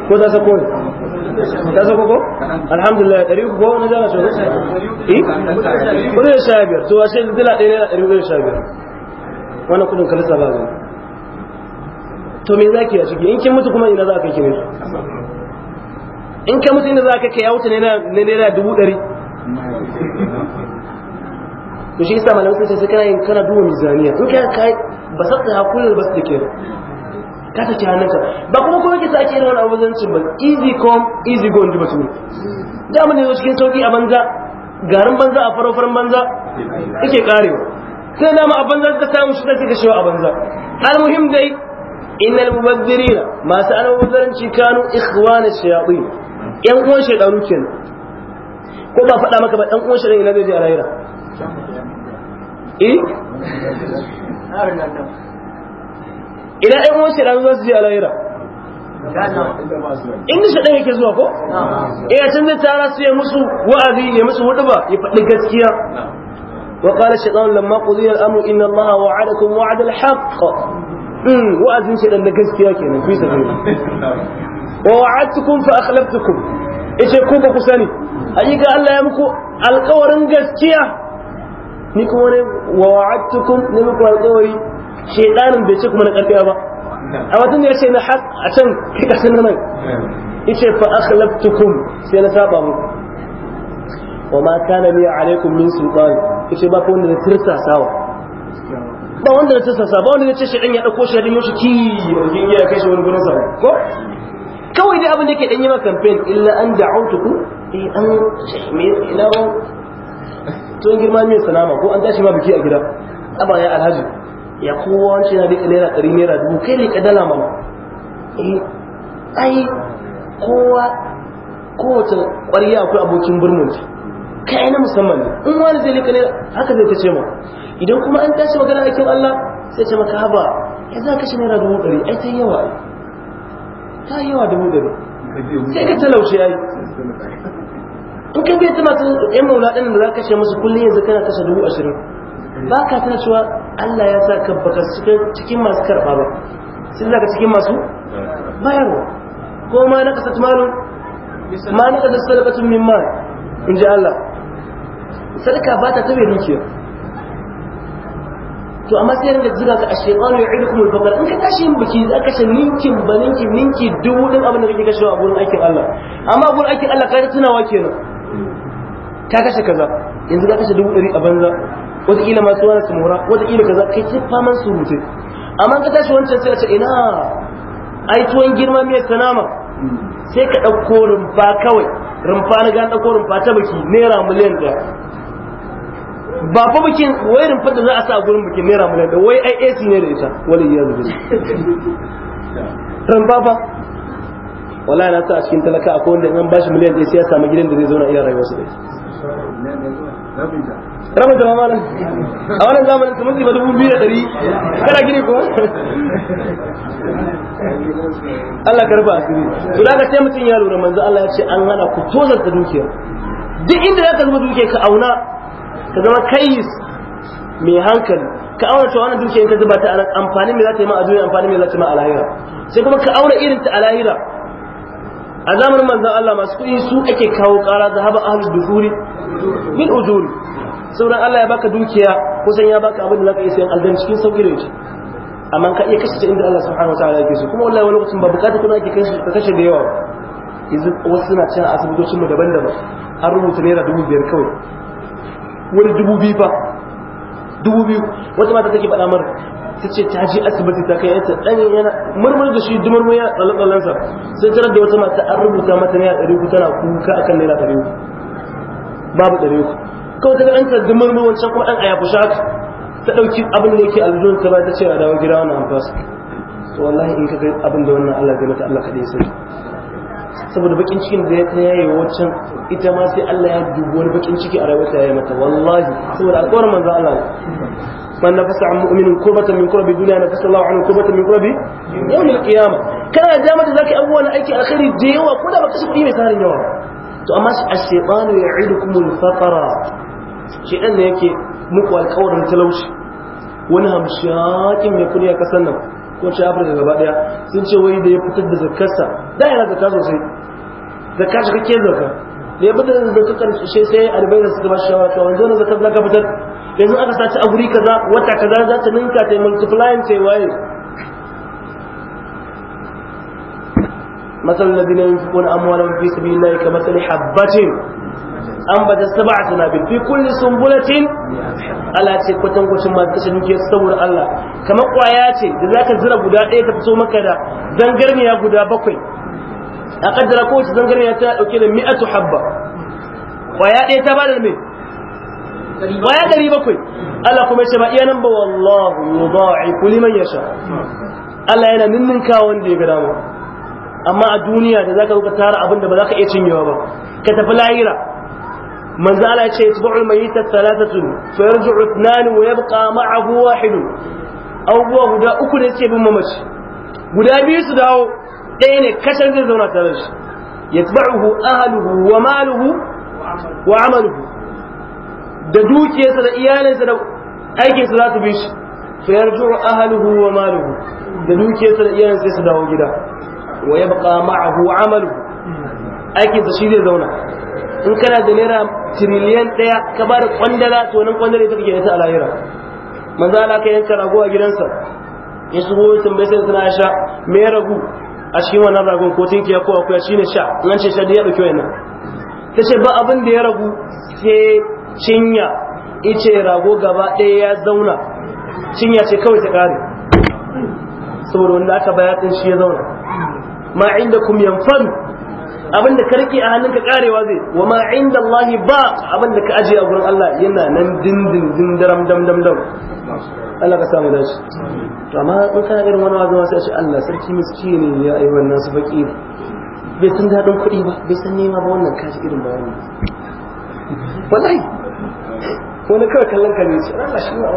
ko za sa kowai ta sako ko alhamdulillah ɗari uku ko na zara so eh kudin sha biyar to ashe dila ɗaya naira ɗari uku sha biyar wannan kudin ka lissa ba gani to me zaki a ciki in kin mutu kuma ina za ka kire in ka mutu ina za ka kai wuta ne na naira dubu ɗari to shi yasa malamai sai kana yin kana duba mizaniya in ka kai ba sa ta hakuri ba su da kenan ka ce hannunka ba kuma kuma kisa ake irin wani cin ba easy come easy go inji batumi da mun zo cikin sauki a banza garin banza a farofar banza yake kare sai dama a banza suka samu shi suka shewa a banza almuhim dai innal mubadirina masu almubadiranci kanu ikhwana shayatin yan uwan shaydanu kenan ko ba faɗa maka ba ɗan uwan ne na zai je a lahira eh idan ai wasu shaɗan za su je a lahira inda shaɗan yake zuwa ko ina can zai tara su ya musu wa'azi ya musu hudu ba ya faɗi gaskiya lamma qudiya al-amru inna allaha wa'adakum الله al-haqq mm wa'azin shi da gaskiya kenan fi sabi wa wa'adtukum fa akhlaftukum yace ku ba ku sani ga Allah ya muku alƙawarin gaskiya ni kuma ne wa wa'adtukum ne muku alƙawari shedanin bai ce kuma na karfiya ba a watan ya ce na haq a can kai kasan nan yace fa akhlaftukum sai na saba muku wa ma kana li alaikum min sultan yace ba ko wanda zai tirsa sawa ba wanda zai tirsa sawa ba wanda zai ce shedan ya dauko shedan ya shi ki ya kai shi wani gurin sa ko kawai dai abin da yake dan yi ma campaign illa an da'awtukum eh an me ila *laughs* to girma mai sanama ko an tashi ma biki a gida aba ya alhaji ya kowa wance na rika naira ɗari naira dubu kai ka dala mana eh ai kowa kowace ƙwarya akwai abokin birnin ta, kai na musamman ne in wani zai lika naira haka zai ta ce ma idan kuma an tashi magana aikin Allah sai ce maka haba ya za ka shi naira dubu ɗari ai ta yawa ta yawa dubu ɗari sai ka talauce ai in kai biya ta masu yan maula ɗan da za ka ce musu kullum yanzu kana kashe dubu ashirin ba ka tana cewa Allah ya sa ka baka cikin masu karɓa ba sun zaka cikin masu bayarwa ko ma na kasa malu ma na kasa sadakatun min ma in ji Allah sadaka ba ta tabe dukiya to amma sai rinka zira ka a shekaru ya ƙi kuma fakar in ka tashi yin biki za ka ninkin ba ninkin ninki dubu ɗin abin da kake kashewa a gurin aikin Allah amma a gurin aikin Allah ka ta tunawa kenan ka kashe kaza yanzu ka kashe dubu ɗari a banza wataƙila masu wani su mura wataƙila kaza kai ce faman surutu amma ka tashi wancan sai a ce ina ai tuwon girma mai sanama sai ka ɗauko rumfa kawai rumfa na gan ɗauko rumfa ta baki naira miliyan ɗaya ba fa bikin wai rumfa da za a sa a gurin bikin naira miliyan ɗaya wai ai AC ne da ita wani iya zubi rumfa fa wala na sa a cikin talaka akwai wanda in an bashi miliyan ɗaya sai ya samu gidan da zai zauna iya rayuwarsa da ita Ramadan jama malam a wannan zamanin kamar zai dubu biyu da ɗari kana gini ko Allah karba siri. to da ka ce mutum ya lura manzo Allah ya ce an hana ku ta dukiya duk inda za ka zuba dukiya ka auna ka zama kai mai hankali ka auna cewa wannan dukiya in ka zuba ta amfani mai za ta yi ma a duniya amfani mai za ta yi ma a lahira sai kuma ka auna irin ta a lahira a zamanin manzan Allah masu kuɗi su ake kawo ƙara zahaba ahlul dukhuli bil ujuri sauran Allah ya baka dukiya kusan ya baka abin da zaka iya sayan aljanna cikin sauki da wuce amma ka iya kashe inda Allah subhanahu wataala yake so kuma wallahi wani lokacin ba bukata kuma ake kashe ka kashe da yawa yanzu wasu suna cin asibitocin mu daban-daban an rubuta naira dubu biyar kawai wani dubu biyu fa dubu biyu wata mata take faɗa mara ta ce ta je asibiti ta kai yanta ɗan yana murmur da shi dumar mu ya tsalle-tsallensa sai tarar da wata mata an rubuta mata naira ɗari uku tana kuka akan naira ɗari uku babu ɗari uku kawai ta an sardin marmar wancan kuma ɗan a yafi haka ta ɗauki abin da yake aljihun ta ba ta ce a dawo gida wani amfasa to wallahi in ka ga abin da wannan Allah gani ta Allah kaɗai sai saboda bakin cikin da ya ta yaye wancan ita ma sai Allah ya dubi wani bakin ciki a rayuwar ta yaye mata wallahi saboda alƙawarin manzo Allah man nafasa an mu'minin kurbatan min kurbi duniya nafasa Allah an kurbatan min kurbi yawmil kiyama. kana da mata zaka abubuwan aiki alkhairi da yawa ko da baka shi kuɗi mai sarin yawa to amma ash-shaytanu ya'idukum al-faqra shedan ne yake muku alƙawarin talauci wani hamshakin mai kudi a kasar nan ko ce afirka gaba daya sun ce wai da ya fitar da zakarsa da yana zakka sosai zakka shi kake zaka da ya fitar da zakka karshe sai albaida suka ba shi shawara to wanzo ne zakka zaka fitar yanzu aka sace a guri kaza wata kaza za ta ninka ta multiplying ta waye مثل الذين ينفقون أموالهم في سبيل الله كمثل حبة أنبت سبع سنابل في كل سنبلة ألا تكوتن كوتن ما تكشن كي يستور الله كما قوايات ذاك الزر غدا إيه تفتو مكدا زنجرني يا غدا بقي أقدر أقول زنجرني يا تأكل مئة حبة قوايات إيه تبادل من قوايات دري بقي ألا كما يشبه إيه نمبر والله يضاعف لمن يشاء Allah yana ninninka wanda ya ga dama amma a duniya da zaka ka tara abin da ba za ka iya cinyewa ba ka tafi lahira manzo Allah ya ce yatba'u mayyita thalathatun fa yarji'u ithnan wa yabqa ma'ahu wahid abubuwa guda uku ne suke bin mamaci guda biyu su dawo ɗaya ne kashin zai zauna tare shi yatba'uhu ahluhu wa maluhu wa amaluhu da dukiyarsa da iyalinsa da aikinsa za su bi shi fa yarji'u ahluhu wa maluhu da dukiyarsa da iyalinsa sai su dawo gida wa baka ma'ahu amalu aikin sa shi zai zauna in kana da naira tiriliyan daya ka ba da kwandala to nan kwandala ita kake ta alayira manzo Allah ka yanka rago a gidansa ya shigo sun bai sai suna sha me ragu a cikin wannan ragon ko tinki ya kowa kuya shine sha nan ce sha da ya dauki wannan tace ba abin da ya ragu sai cinya ice rago gaba ɗaya ya zauna cinya ce kawai ta kare saboda wanda aka bayatin shi ya zauna ma indakum yanfadu abin da ka rike a hannunka karewa zai wa ma inda Allah ba abin da ka aje a gurin Allah yana nan dindin dindaram dam dam dam Allah ka samu dace to amma in kana irin wani wazo sai a Allah sarki miskini ya ayi wannan su fakir bai san dadin kuɗi ba bai san nema ba wannan kaji irin bayani wallahi wani kawai kallon ka ne ce Allah shi ma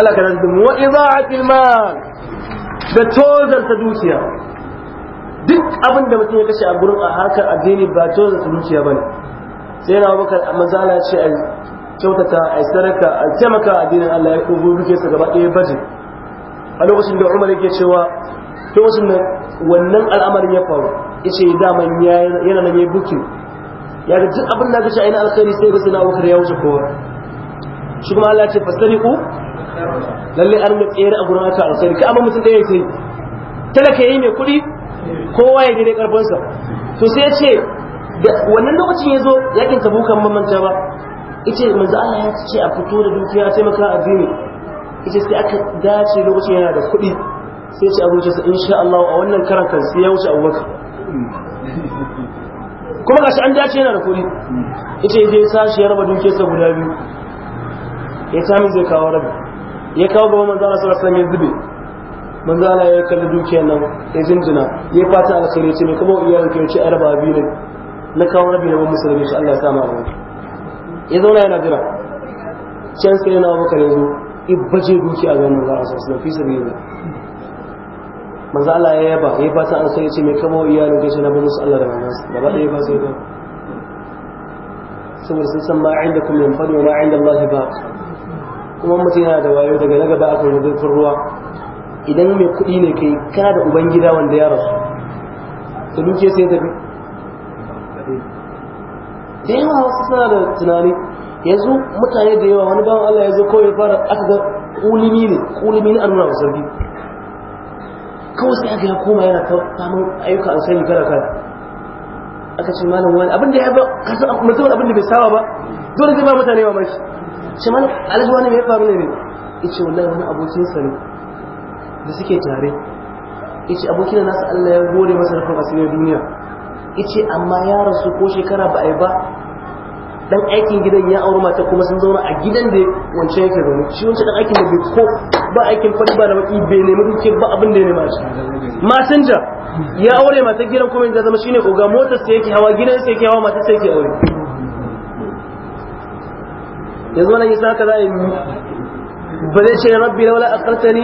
Allah ka nan dum wa idha'atil mal da ta dukiya duk abin da mutum ya kashe a gurin a harkar addini ba ta dukiya ba ne sai yana wuka a mazala ce a kyautata a sadaka a taimaka addinin Allah ya kogo dukiyarsa gaba ɗaya baje a lokacin da Umar yake cewa lokacin da wannan al'amarin ya faru ce daman yana nan ya bukin ya ga duk abin da yi na alkhairi sai ga sina wakar ya wuce kowa shi kuma Allah ya ce ku lalle an mu tsere a gurin haka alkhairi ka amma mutum ɗaya sai talaka yayi mai kuɗi kowa ya karfin sa. to sai ya ce wannan lokacin ya zo yakin tabukan mamanta ba ita manzo Allah ya ce a fito da dukiya sai maka addini ita sai aka dace lokacin yana da kuɗi sai ce abuja sa insha Allah a wannan karan kan sai ya wuce abubakar kuma gashi an dace yana da kuɗi ita ya je sashi ya raba dukiyarsa guda biyu ya sami zai kawo rabi ya kawo gaba manzo Allah sallallahu alaihi wasallam ya zube manzo Allah ya kalli dukiyar nan ya jinjina ya fata alkhairi ce ne kuma uwa ya ce araba biyu na kawo rabi na musulmi shi Allah ya sama ma ya zauna yana jira can sai yana baka ya zo ibbaje dukiya ga manzo Allah sallallahu alaihi wasallam fi sabilillah manzo Allah ya yaba ya fata alkhairi ce ne kuma uwa ya ce na musu Allah da manzo gaba ɗaya ba sai ba saboda sun san ma inda kuma fadi wa ma inda Allah ba kuma mutum yana da wayo daga na gaba aka yi zurfin ruwa idan mai kuɗi ne kai kana da ubangida wanda ya rasu da duke sai tafi da yawa wasu suna da tunani yanzu mutane da yawa wani bawan Allah ya zo kawai fara aka ga kulimi ne kulimi ne a nuna wasan biyu kawai sai aka ya koma yana faman ayyuka an sani kada kada aka ce malam wani abinda ya ba kasu mutum abinda bai sawa ba dole zai ba mutane wa mashi Shaman mana alhaji wani mai faru ne ne ya ce wallahi wani abokin sani ne da suke tare ya ce abokin nasu allah ya gode masa rufin asirin duniya ya ce amma ya rasu ko shekara ba a yi ba dan aikin gidan ya auri mata kuma sun zauna a gidan da wancan yake zaune shi wancan dan aikin da bai ko ba aikin fadi ba da baki bai nemi duke ba abin da ya nema shi ja ya aure mata gidan kuma yanzu zama shine oga motar sai yake hawa gidan sai yake hawa mata sai yake aure يظن أن يسوع كذا بلش يا ربي لولا أخرتني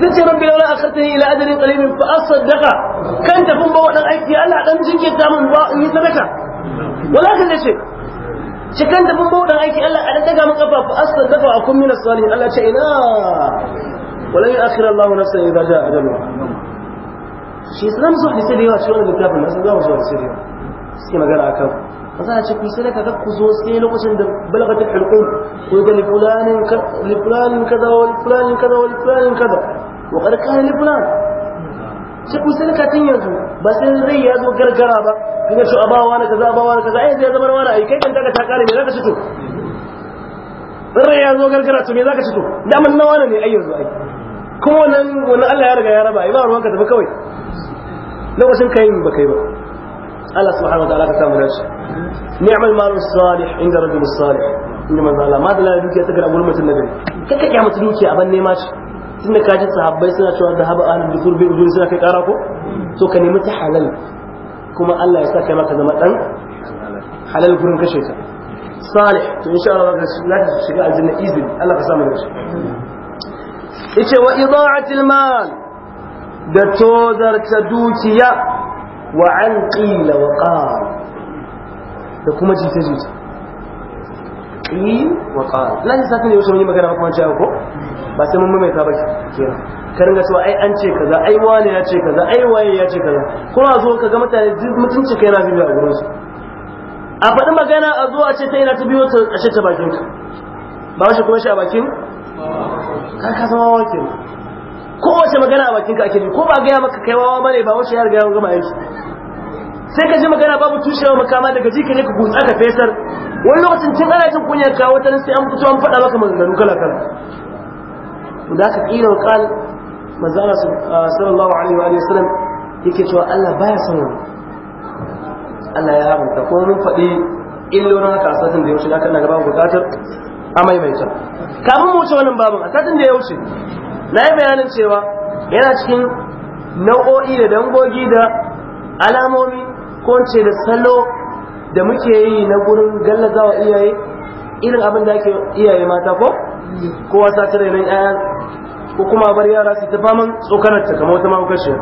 زدت آه؟ يا ربي لولا أخرتني إلى أجل قليل فأصدق كنت فم بوعد أيك ألا أن أنت زنك يتعامل يتبكى ولكن ليش شكنت فم بوعد أيك يا ألا أنا تجا من قبل فأصدق وأكون من الصالحين الله شئنا ولا يؤخر الله نفسا إذا جاء أجلها شيء سلام صح يصير يواجه شلون الكتاب الناس suke magana akan ba za a ce ku sadaka kar ku zo sai lokacin da balagatul hulqum ko da lifulanin lifulanin kaza wa lifulanin kaza wa lifulanin kaza wa kar ka li fulan sai ku sai ka tinya zo ba sai rai ya zo gargara ba kaga shi abawa na kaza abawa na kaza ai zai zama wani ai kai kan daga ta kare me zaka ci to rai ya zo gargara to me zaka ci to da mun nawa ne ai yanzu ai kuma wannan wannan Allah ya riga ya raba ai ba ruwanka tafi kawai lokacin kai ba kai ba الله سبحانه وتعالى كتاب الرش نعم المال الصالح عند رجل الصالح إنما الله ماذا لا يدوك يتقرأ قلمة النبي كيف كي عم تدوك يا أبن نيماش سنة كاجد صحابة سنة شوى الذهب أهل الدكتور بي وجود سنة كتاراكو سو كنمة حلال كما الله يساك ما كذا مأتن حلال قلمة كشيطة صالح إن شاء الله لا تشكى أزلنا إذن الله قسام الرش إيش وإضاعة المال دتوذر تدوك يا wa an qila wa qala da kuma jita jita qil wa qala nan sai kun yi wasu mun magana kuma cewa ko ba sai mun maimaita ba kenan ka ringa cewa ai an ce kaza ai wani ya ce kaza ai waye ya ce kaza kuma a zo ka ga mutane duk mutunci kai yana zuwa gurin su a faɗi magana a zo a ce ta yana ta biyo ta a ce ta bakin ka ba shi kuma shi a bakin ka ka zama wakil Ko wace magana a bakinka ake ji ko ba gaya maka kai wawa bane ba wace ya riga ya gama aiki sai ka ji magana babu tushewa makama daga ji ka ne ka gutsa ka fesar wani lokacin tun ana jin kunya ka wata nan sai an fito an faɗa maka maganganu kala kala to da ka kila wa kal Allah sallallahu alaihi wa sallam yake cewa Allah baya son wani Allah ya haramta ko mun faɗi illolin haka a satin da ya wuce da kan na gaba bukatar a maimaita kamun mu wuce wannan babin a satin da ya wuce na yi bayanin cewa yana cikin nau'o'i da dangogi da alamomi ko ce da salo da muke yi na gurin wa iyaye irin abin da ake iyaye mata ko ko wasa tare nan ƴaƴa ko kuma bar yara su ta faman tsokanar ta kamar wata mahaukaciyar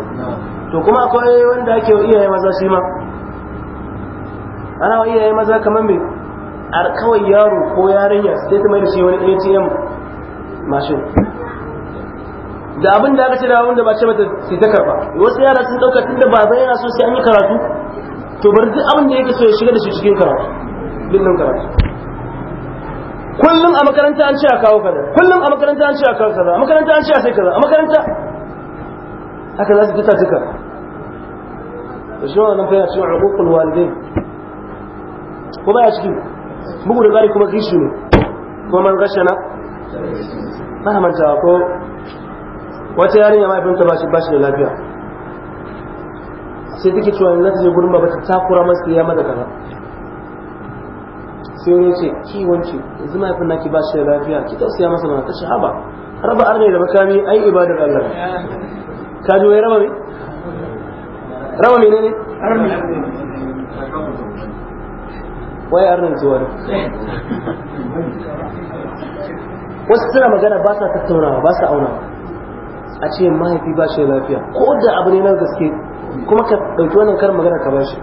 to kuma akwai wanda ake iyaye maza shi ma ana wa iyaye maza kamar mai kawai yaro ko yarinya sai ta mai da shi wani atm mashin da abin da aka ce da abin da ba ce mata sai ta karba wasu yara sun dauka ba zai yana so sai an yi karatu to bari duk abin da yake so ya shiga da su cikin karatu dindin karatu kullum a makaranta an ce a kawo kaza kullum a makaranta an ce a kawo kaza a makaranta an ce a sai kaza a makaranta haka za su fita duka da shi wannan fa yana cikin uququl walidain kuma ya cikin bugu da bari kuma kishi ne kuma man gashana ba mantawa ko wata yarinya mahaifinta ba shi ba shi da lafiya sai take cewa na ta je gurin ba ta takura masa ya mata kaza sai wani ce ki wance yanzu mahaifin naki ba shi da lafiya ki siya masa mana ta shahaba raba arne da makami ai ibadar Allah ka ji wai raba me raba ne ne wai arnin zuwa ne wasu suna magana ba sa tattaunawa ba sa aunawa a ce mahaifi ba shi lafiya ko da abu ne na gaske kuma ka ɗauki wannan karin magana ka bashi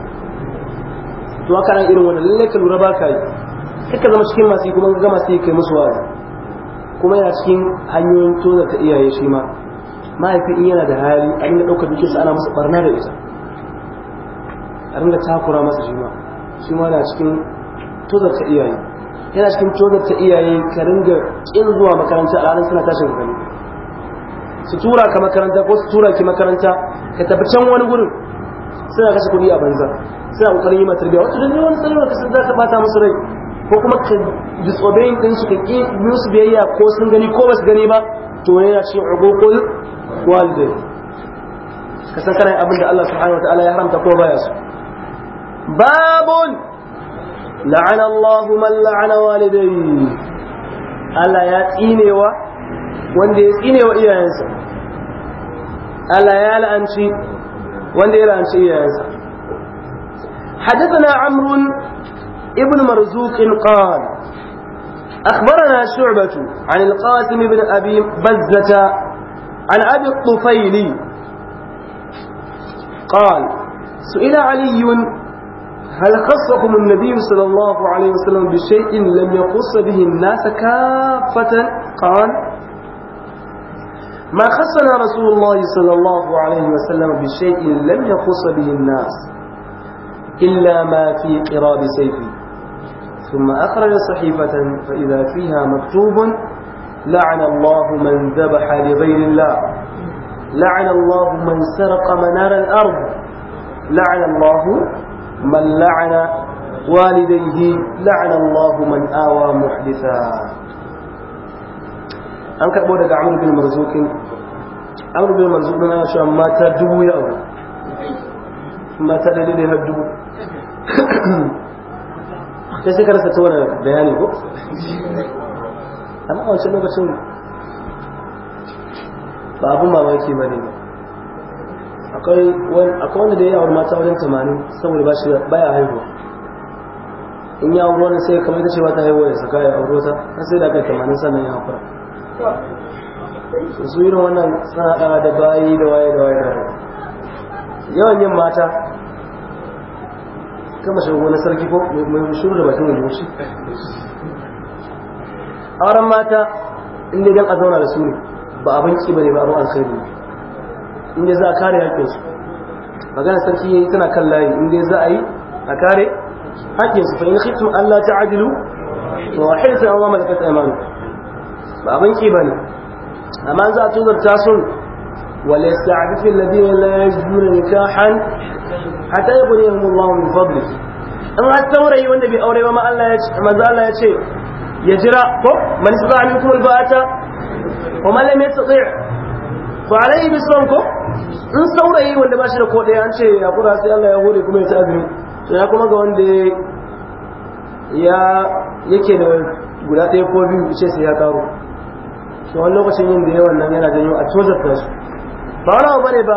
to aka nan irin wannan lallai ka lura ba ka yi kaka zama cikin masu yi kuma ga masu yi kai musu wa'azi kuma yana cikin hanyoyin tona ta iyaye shi ma mahaifi in yana da hali a inda ɗaukar dukinsa ana masa barna da ita a ringa takura masa shi ma shi ma na cikin tozar ta iyaye yana cikin tozar ta iyaye ka ringa ƙin zuwa makaranta a ranar suna tashin gani su tura ka makaranta ko su tura ki makaranta ka tafi can wani gurin suna kashe kuɗi a banza suna kokarin yi mata Wata wato dan wani sanin ka san zaka bata musu rai ko kuma ka disobeying din su ka ƙi musu biyayya ko sun gani ko ba su gani ba to ne yana cikin uguqul walidai ka san kana abin da Allah subhanahu wataala ya haramta ko baya su babun la'ana Allahu man la'ana walidai Allah ya tsinewa wanda ya tsine wa iyayensa Allah ya la'anci wanda ya la'anci iyayensa حدثنا عمرو ابن مرزوق قال أخبرنا شعبة عن القاسم بن أبي بزة عن أبي الطفيل قال سئل علي هل خصكم النبي صلى الله عليه وسلم بشيء لم يخص به الناس كافة قال ما خصنا رسول الله صلى الله عليه وسلم بشيء لم يخص به الناس إلا ما في قراب سيفه ثم أخرج صحيفة فإذا فيها مكتوب لعن الله من ذبح لغير الله لعن الله من سرق منار الأرض لعن الله من لعن والديه لعن الله من آوى محدثا أنك أبو دقاء عمر بن marzukin amur bin manzu bin ana cewa mata dubu ya aure mata da dai har dubu *coughs* sai sai karasa ta wani bayani ko amma wancan lokacin ba abin mamaki ba ne akwai wanda da ya yawar mata wajen tamanin saboda ba shi baya haihuwa in ya auri wani sai kamar ta ce ba ta haihuwa ya saka ya aure wata har sai da aka yi tamanin sannan ya haƙura su irin wannan suna da bayi da waye da waye da waye yawan yin mata kama shi wani sarki ko mai shuru da bakin wani wuce auren mata inda dan a zauna da su ne ba abin ki bane ba abin sai ne inda za a kare hakkin su magana sarki yayi tana kan layi inda za a yi a kare hakkin su fa in khiftum alla ta'dilu wa wahidatan aw ma malakat aymanukum ba abin ki bane amma za a tuzarta sun wale sta'afifin nika han hata yi hatta yughnihum Allahu min fabrik in har saurayi wanda bai aure ba ma Allah ya ce manzo Allah ya ce ya jira ko man a minkum al-ba'ata wa man tsaye? Ko fa bi son ko in saurayi wanda ba shi da kodai an ce ya kura sai Allah ya hore kuma ya ta azumi to ya kuma ga wanda ya yake da guda ɗaya ko biyu ce sai ya karo to wani lokacin yin da yawan nan yana janyo a tozarta su ba wani abu bane ba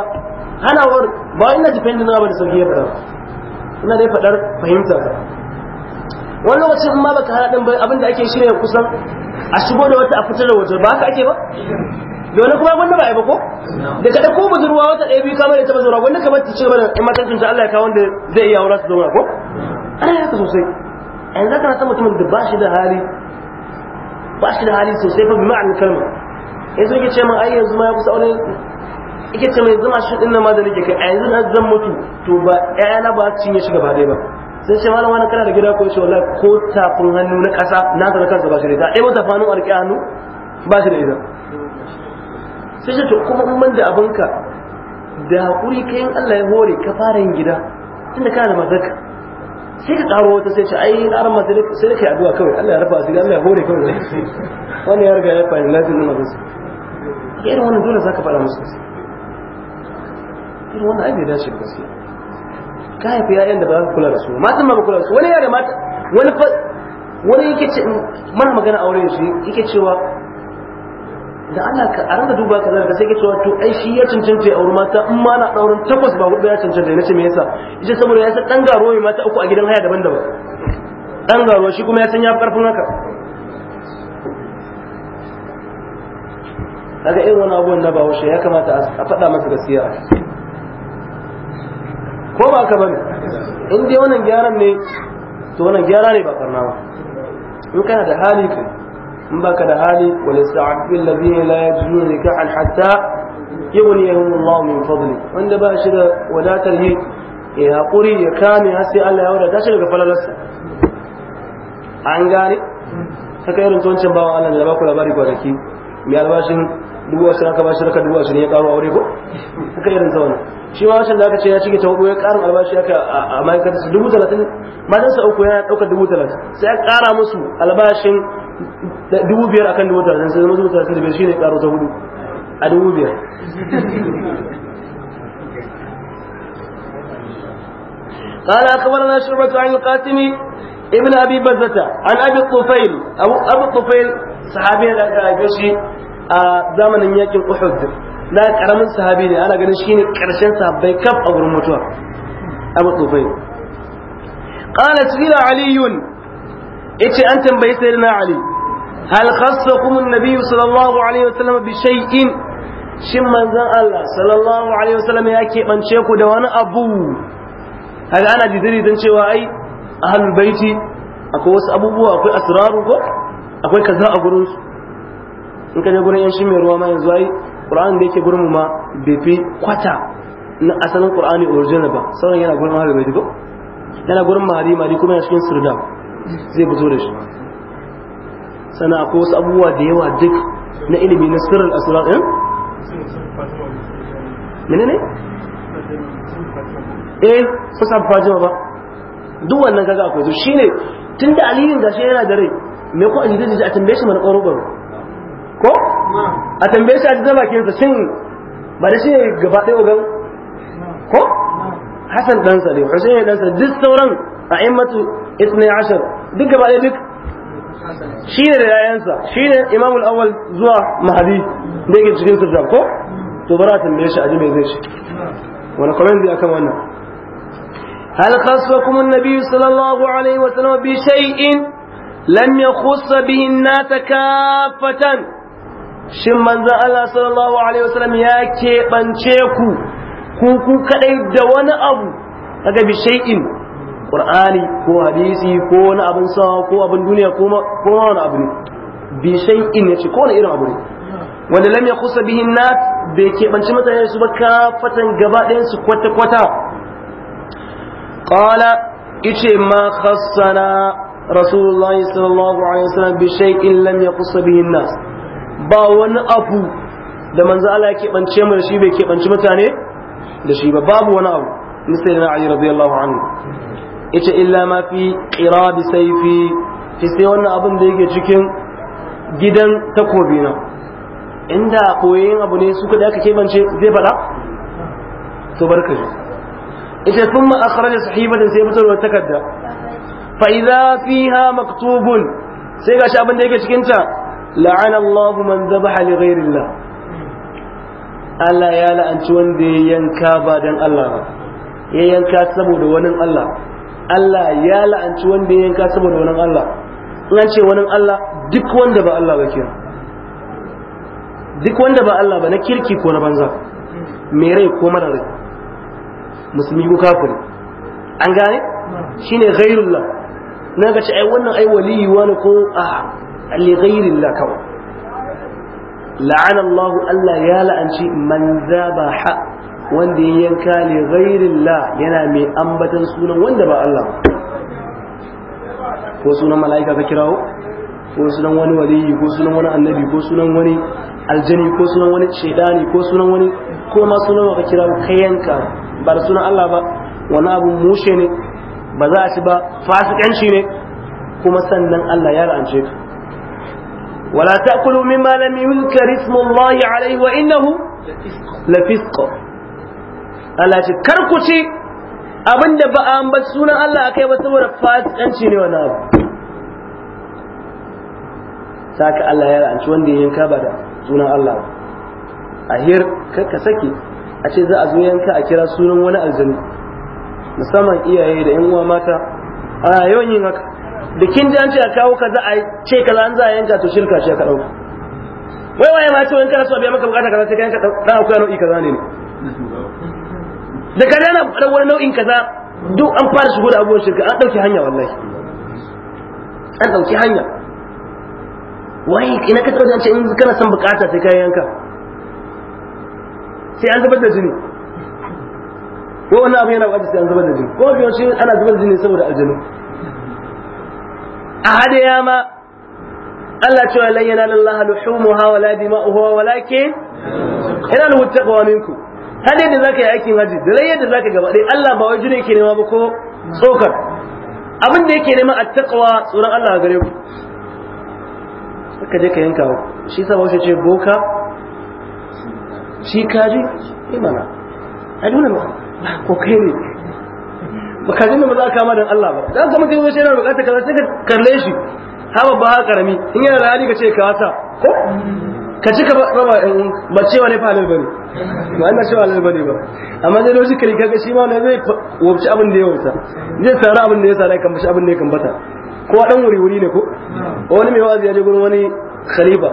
hana wani ba ina dependin na ba da sauki ya faɗa ina dai faɗar fahimta ba wani lokacin in ma baka hana ɗin ba abin da ake shirya kusan a shigo da wata a fitar da wata ba haka ake ba domin kuma gwanda ba a yi ba ko da ka ɗauko budurwa wata ɗaya biyu kamar da ta bazura gwanda kamar ta ce mana in matan tunta Allah ya kawo wanda zai iya aura su zauna ko ana yaka sosai yanzu kana san mutumin da ba shi da hali ba shi da hali sosai fa bi ma'anar kalma yanzu yake ce ma, ai yanzu ma ya kusa aure Ike ce mai zama shi dinnan ma da nake kai a yanzu na zan mutu to ba ƴaƴana ba su cinye shi gaba ɗaya ba sai ce malam wani kana da gida ko ce wallahi ko tafin hannu na ƙasa na ta kansa ba shi da ita ai wata fanu a riƙe hannu ba shi da ita sai ce to kuma in ban da abinka da haƙuri kayan Allah ya hore ka fara yin gida tunda kana da mazaka sai ka karo wata sai ce ai aran masu sai da kai addu'a kawai Allah ya rufa su Allah ya hore kawai wani ya riga ya fara lafi nuna musu irin wannan dole za ka fara musu su irin wannan ai bai dace ba gaskiya ka haifi ya'yan da ba za ka kula da su matan ma ba kula da su wani yare mata wani fa wani yake ce mana magana a wurin shi yake cewa da ana ka a duba kaza ka sai ka cewa to ai shi ya cancanta ya auri mata in ma na daurin takwas ba hudu ya cancanta na ce me yasa ita saboda ya san dan garo mai mata uku a gidan haya daban-daban dan garo shi kuma ya san ya fi karfin haka daga irin wani abubuwan na ba ya kamata a faɗa masa gaskiya ko ba ka bane in dai wannan gyaran ne to wannan gyara ne ba karnawa in kana da hali kai in baka da hali wal yasta'fu alladhina la yajiduna nikahan hatta yughniyahum Allah min fadli wanda ba shi da wadatar yi ya haƙuri ya kame har sai Allah ya ta shi daga falalarsa an gane saka irin tuwancin bawa Allah da ba ku labari kwanaki mai albashin dubu wasu aka bashi raka dubu wasu ne ya karo aure ko saka irin tsawon shi ma wancan da aka ce ya cike ta hudu ya karin albashi aka a ma'aikatar dubu talatin matansa uku ya ɗauka dubu talatin sai ya kara musu albashin dubu biyar akan dubu talatin sai zama dubu talatin da biyar shine karo ta hudu a dubu biyar قال أخبرنا شعبة عن القاسم ابن أبي بزة عن أبي الطفيل أبو أبي الطفيل صحابي الأجوشي زمن يكن أحد لا كرم صحابي أنا قال شيني كرشين صحابي كف أبو المتوى أبو الطفيل قال سئل علي yace an tambayi sayyidina ali hal khassakum an-nabiy sallallahu alaihi wasallam bi shay'in shin manzon Allah sallallahu alaihi wasallam ya keɓance ku da wani abu kaga ana jidiri dan cewa ai ahlul baiti akwai wasu abubuwa akwai asraru ko akwai kaza a gurin su in ka je gurin yan shi mai ruwa ma yanzu ai Qur'an da yake gurin mu ma bai fi kwata na asalin Qur'ani original ba sauran yana gurin ahlul baiti ko yana gurin mahari mahari kuma yana cikin surdam zai fito da shi sana akwai wasu abubuwa da yawa duk na ilimi na sirrin asirar ɗin? mene ne? eh fasa eh, fajima ba duk wannan gaga akwai shi shine tun da aliyun shi yana da rai mai ko inda zai a tambaye shi mana ba ko? a tambaye shi a jiza bakinsa shin ba da shi ne gaba ɗaya ogan ko? hassan ɗansa ne hassan ɗansa duk sauran a'immatu isnai ashar duk gaba ɗaya duk shi ne da yayansa shi ne imamul awwal zuwa mahadi da yake cikin sirra ko to bara tambaye shi a ji mai zai shi wani comment zai akan wannan hal khassakum an-nabi sallallahu alaihi wa sallam bi shay'in lam yakhuss bihi an-nas kaffatan shin manzon Allah sallallahu alaihi wa sallam ya keɓance ku ku ku kadai da wani abu daga bi shay'in qur'ani ko hadisi ko wani abin sawa ko abin duniya ko ma wani abu ne bi in yace ko wani irin abu ne wanda lam yakhus bihi nat bai keɓanci mutane su ba kafatan gaba ɗayan su kwata kwata qala ice ma khassana rasulullahi sallallahu alaihi wasallam bi in lam yakhus bihi nas ba wani abu da manzo Allah ya keɓance mu da shi bai keɓanci mutane da shi ba babu wani abu misalin Ali radiyallahu anhu ita illa ma fi qirab sayfi fi sai wannan abin da yake cikin gidan takobi na inda koyayin abu ne su kada aka kebance zai faɗa to barka ji ita sun ma akhraja sahibatin sai fitar takarda fa idza fiha maktubun sai gashi abin da yake cikin ta la'ana Allah man zaba hali ghayri Allah Allah ya la'anci wanda ya yanka ba dan Allah ba ya yanka saboda wani Allah Allah ya la'anci wanda ya yanka saboda wani Allah in an ce wani Allah duk wanda ba Allah ba kira duk wanda ba Allah ba na kirki ko na banza mai rai ko mara rai musulmi ko kafiri an gane shine ghairullah na ga ci ai wannan ai waliyi wani ko a li ghairillah kawai la'ana Allah Allah ya la'anci man zaba ha wanda ya yanka li la yana mai ambatan sunan wanda ba Allah ko sunan mala'ika ka kirawo ko sunan wani waliyi ko sunan wani annabi ko sunan wani aljani ko sunan wani shaidani ko sunan wani ko ma sunan ka kirawo ka yanka ba da sunan Allah ba wani abu mushe ne ba za a ci ba fasikanci ne kuma sannan Allah ya la'ance ka ولا تأكلوا مما لم يذكر اسم الله عليه وإنه لفسق Allah ce kar ku ci abinda ba a ambaci sunan Allah akai ba saboda fasikanci ne wannan abu saka Allah ya ranci wanda ya yanka ba da sunan Allah a hir ka saki a ce za a zo yanka a kira sunan wani aljanu musamman iyaye da yan uwa mata a yawan yin haka da kin ji an ce a kawo kaza a ce kaza an za a yanka to shirka shi ka dauka wai waye ma ce wani kana so a biya maka bukata kaza sai ka yanka dan akwai nau'i kaza ne da ka dana faɗa wani nau'in kaza duk an fara shigo da abubuwan shirka an ɗauki hanya wallahi an ɗauki hanya wai ina ka tsawata ce in kana son bukata sai kayan yanka sai an zubar da jini ko wani abu yana bukatar sai an zubar da jini ko shi ana zubar da jini saboda aljanu a ya ma Allah cewa lan yanala luhumuha wala dima'uha walakin ina lahu taqwa minkum har yadda za ka yi aikin haji da rai yadda za ka gaba ɗaya Allah ba wai jini yake nema ba ko tsokar abin da yake nema a taƙawa tsoron Allah a gare ku ka je ka yanka wa shi sa bahaushe ce boka shi kaji imana eh, a nuna ba ko kai ne ba kaji da ba za a kama don Allah ba za ka mutum zai yana bukatar kaza sai ka kalle shi hawa ba karami in yana da ka ce ka wasa ko ka ci ka raba ba cewa ne fa ba ne, ba ina cewa ba ne ba amma dai lokaci kare kaga shi ma ne zai wabci abin da ya wuta zai tsara abin da ya tsara kan bashi abin da ya kambata ko dan wuri wuri ne ko wani mai wazi ya je gurin wani khalifa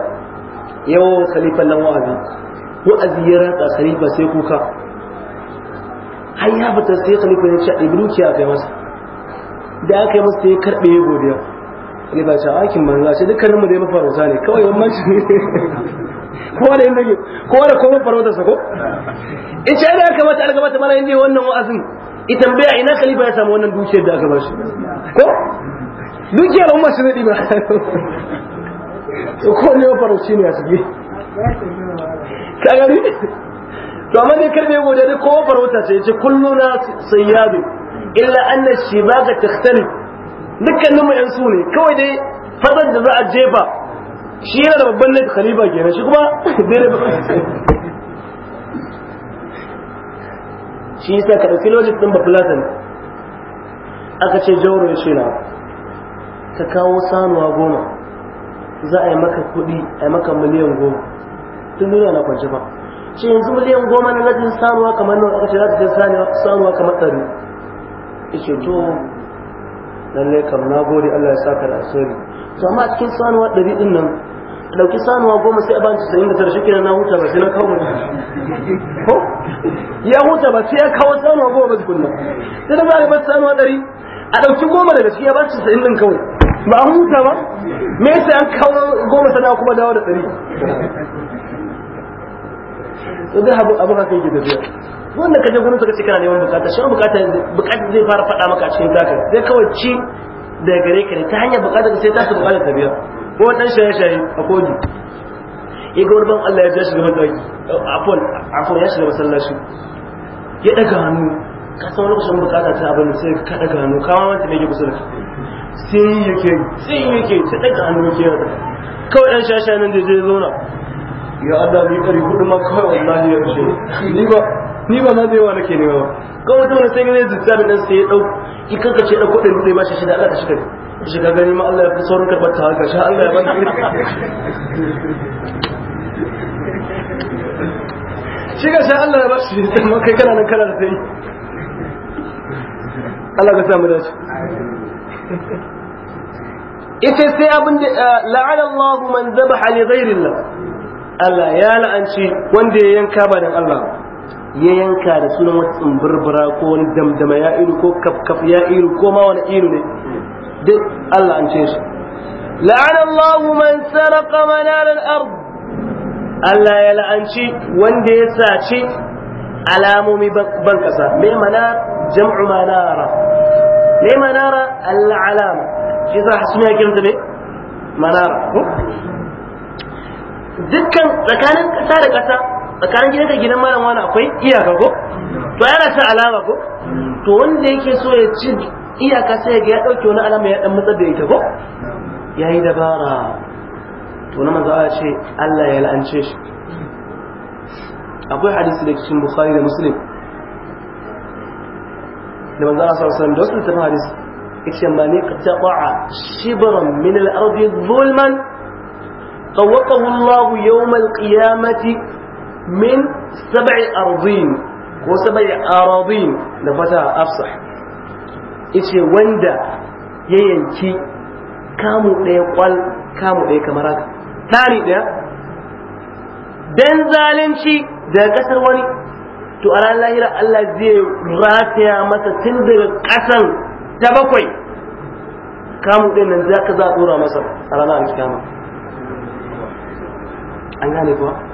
yawo Khalifa nan wa'azi wa'azi ya ratsa khalifa sai kuka har ya fita sai khalifa ya ce ibnu kiya kai masa da aka yi masa ya karbe ya godiya ne ba ce aikin banza ce dukkaninmu dai mafarauta ne kawai ne. kowa da yanda kowa da kowa mafarauta sa ko in ce aka kamata an gabata mana inda wannan wa'azin ita tambaya ina khalifa ya samu wannan dukiyar da aka ba shi ko dukiyar umma su zai ba to ko ne mafarauci ne a ciki ka to amma dai karbe kowa farauta ce ya ce kullu na sayyabi illa anna shibaga takhtalif dukkanin mu yan su ne kawai dai fadar da za a jefa shi yana da babban laifi khalifa kenan shi kuma shi yasa ka dauki logic din ba fulatan aka ce jauro ya ce na ka kawo sanuwa goma za a yi maka kuɗi a yi maka miliyan goma tun duniya na kwanci ba shi yanzu miliyan goma na lajin sanuwa kamar nan aka ce za ta je sanuwa kamar ɗari ya ce to lallai kam na gode Allah ya saka da asiri to amma a cikin sanuwa ɗari ɗin nan ɗauki sanuwa goma sai a bani inda. da tara kenan na huta ba sai na kawo mutum ko ya huta ba sai ya kawo sanuwa goma ba kunna. sai da ba a bar sanuwa ɗari a ɗauki goma daga ciki ya bani casa'in ɗin kawai ba a huta ba me yasa an kawo goma sana'a kuma dawo da ɗari to dai abu haka yake tafiya wanda ka je gurin suka ce kana neman bukata shi bukata bukata zai fara faɗa maka a cikin zakai zai kawai ci da gare ka ne ta hanyar bukata sai ta su bukata ta biya ko dan shaye shaye a kodi ya ga wurin Allah ya ja gaban afon afon ya shiga masallaci ya daga hannu ka san wani kusan bukata ta abin sai ka daga hannu ka ma manta ne ke kusa da sai yake sai yake ta daga hannu yake kawai dan shaye shaye nan da zai zauna ya Allah ni kari hudu ma kawai wallahi ya ce ni ba ni ba ma zai wa nake nema ba kawai mutum sai gane zuciya da nan sai ya dau ikan ka ce da kuɗin zai ba shi shi da Allah ka shiga shi ka gani ma Allah ya fi saurin karɓar ta haka sha Allah ya bani shi ka sha Allah ya ba shi amma kai kana nan kana da sai Allah ka samu dace ita sai abin da eh, la'ala Allah man zabaha li ghairillah Allah ya la'anci wanda ya yanka ba dan Allah ba ya yanka da sunan wata tsumburbura ko wani damdama ya iru ko kafkaf ya iru ko ma wani iru ne duk Allah an ce shi. La'anallahu Allah man sarqa manar al-ard Allah ya la'anci wanda ya saci alamomi ban kasa me manar jam'u manara me manara al-alama shi za su ne kiranta me manara dukkan tsakanin kasa da kasa tsakanin gidanka gidan malam wani akwai iyaka ko to yana ta alama ko to wanda yake so ya ci iyaka sai ga ya dauke wani alama ya dan matsar da ita ko yayi dabara to na manzo ya ce Allah ya la'ance shi akwai hadisi da cikin bukhari da muslim da manzo Allah sallallahu alaihi wasallam da wasu tafin hadisi yace ma ne qata'a shibran min al-ardi zulman qawwaqahu Allah yawm al-qiyamati min sab'i ardin ko sab'i aradin da fata afsah yace wanda ya yanki kamu ɗaya kwal kamu ɗaya kamar haka tari ɗaya dan zalunci daga ƙasar wani to a ranar lahira Allah zai rataya masa tun daga ƙasan ta bakwai kamu ɗin nan za ka za a ɗora masa a ranar alkiyama an gane kuwa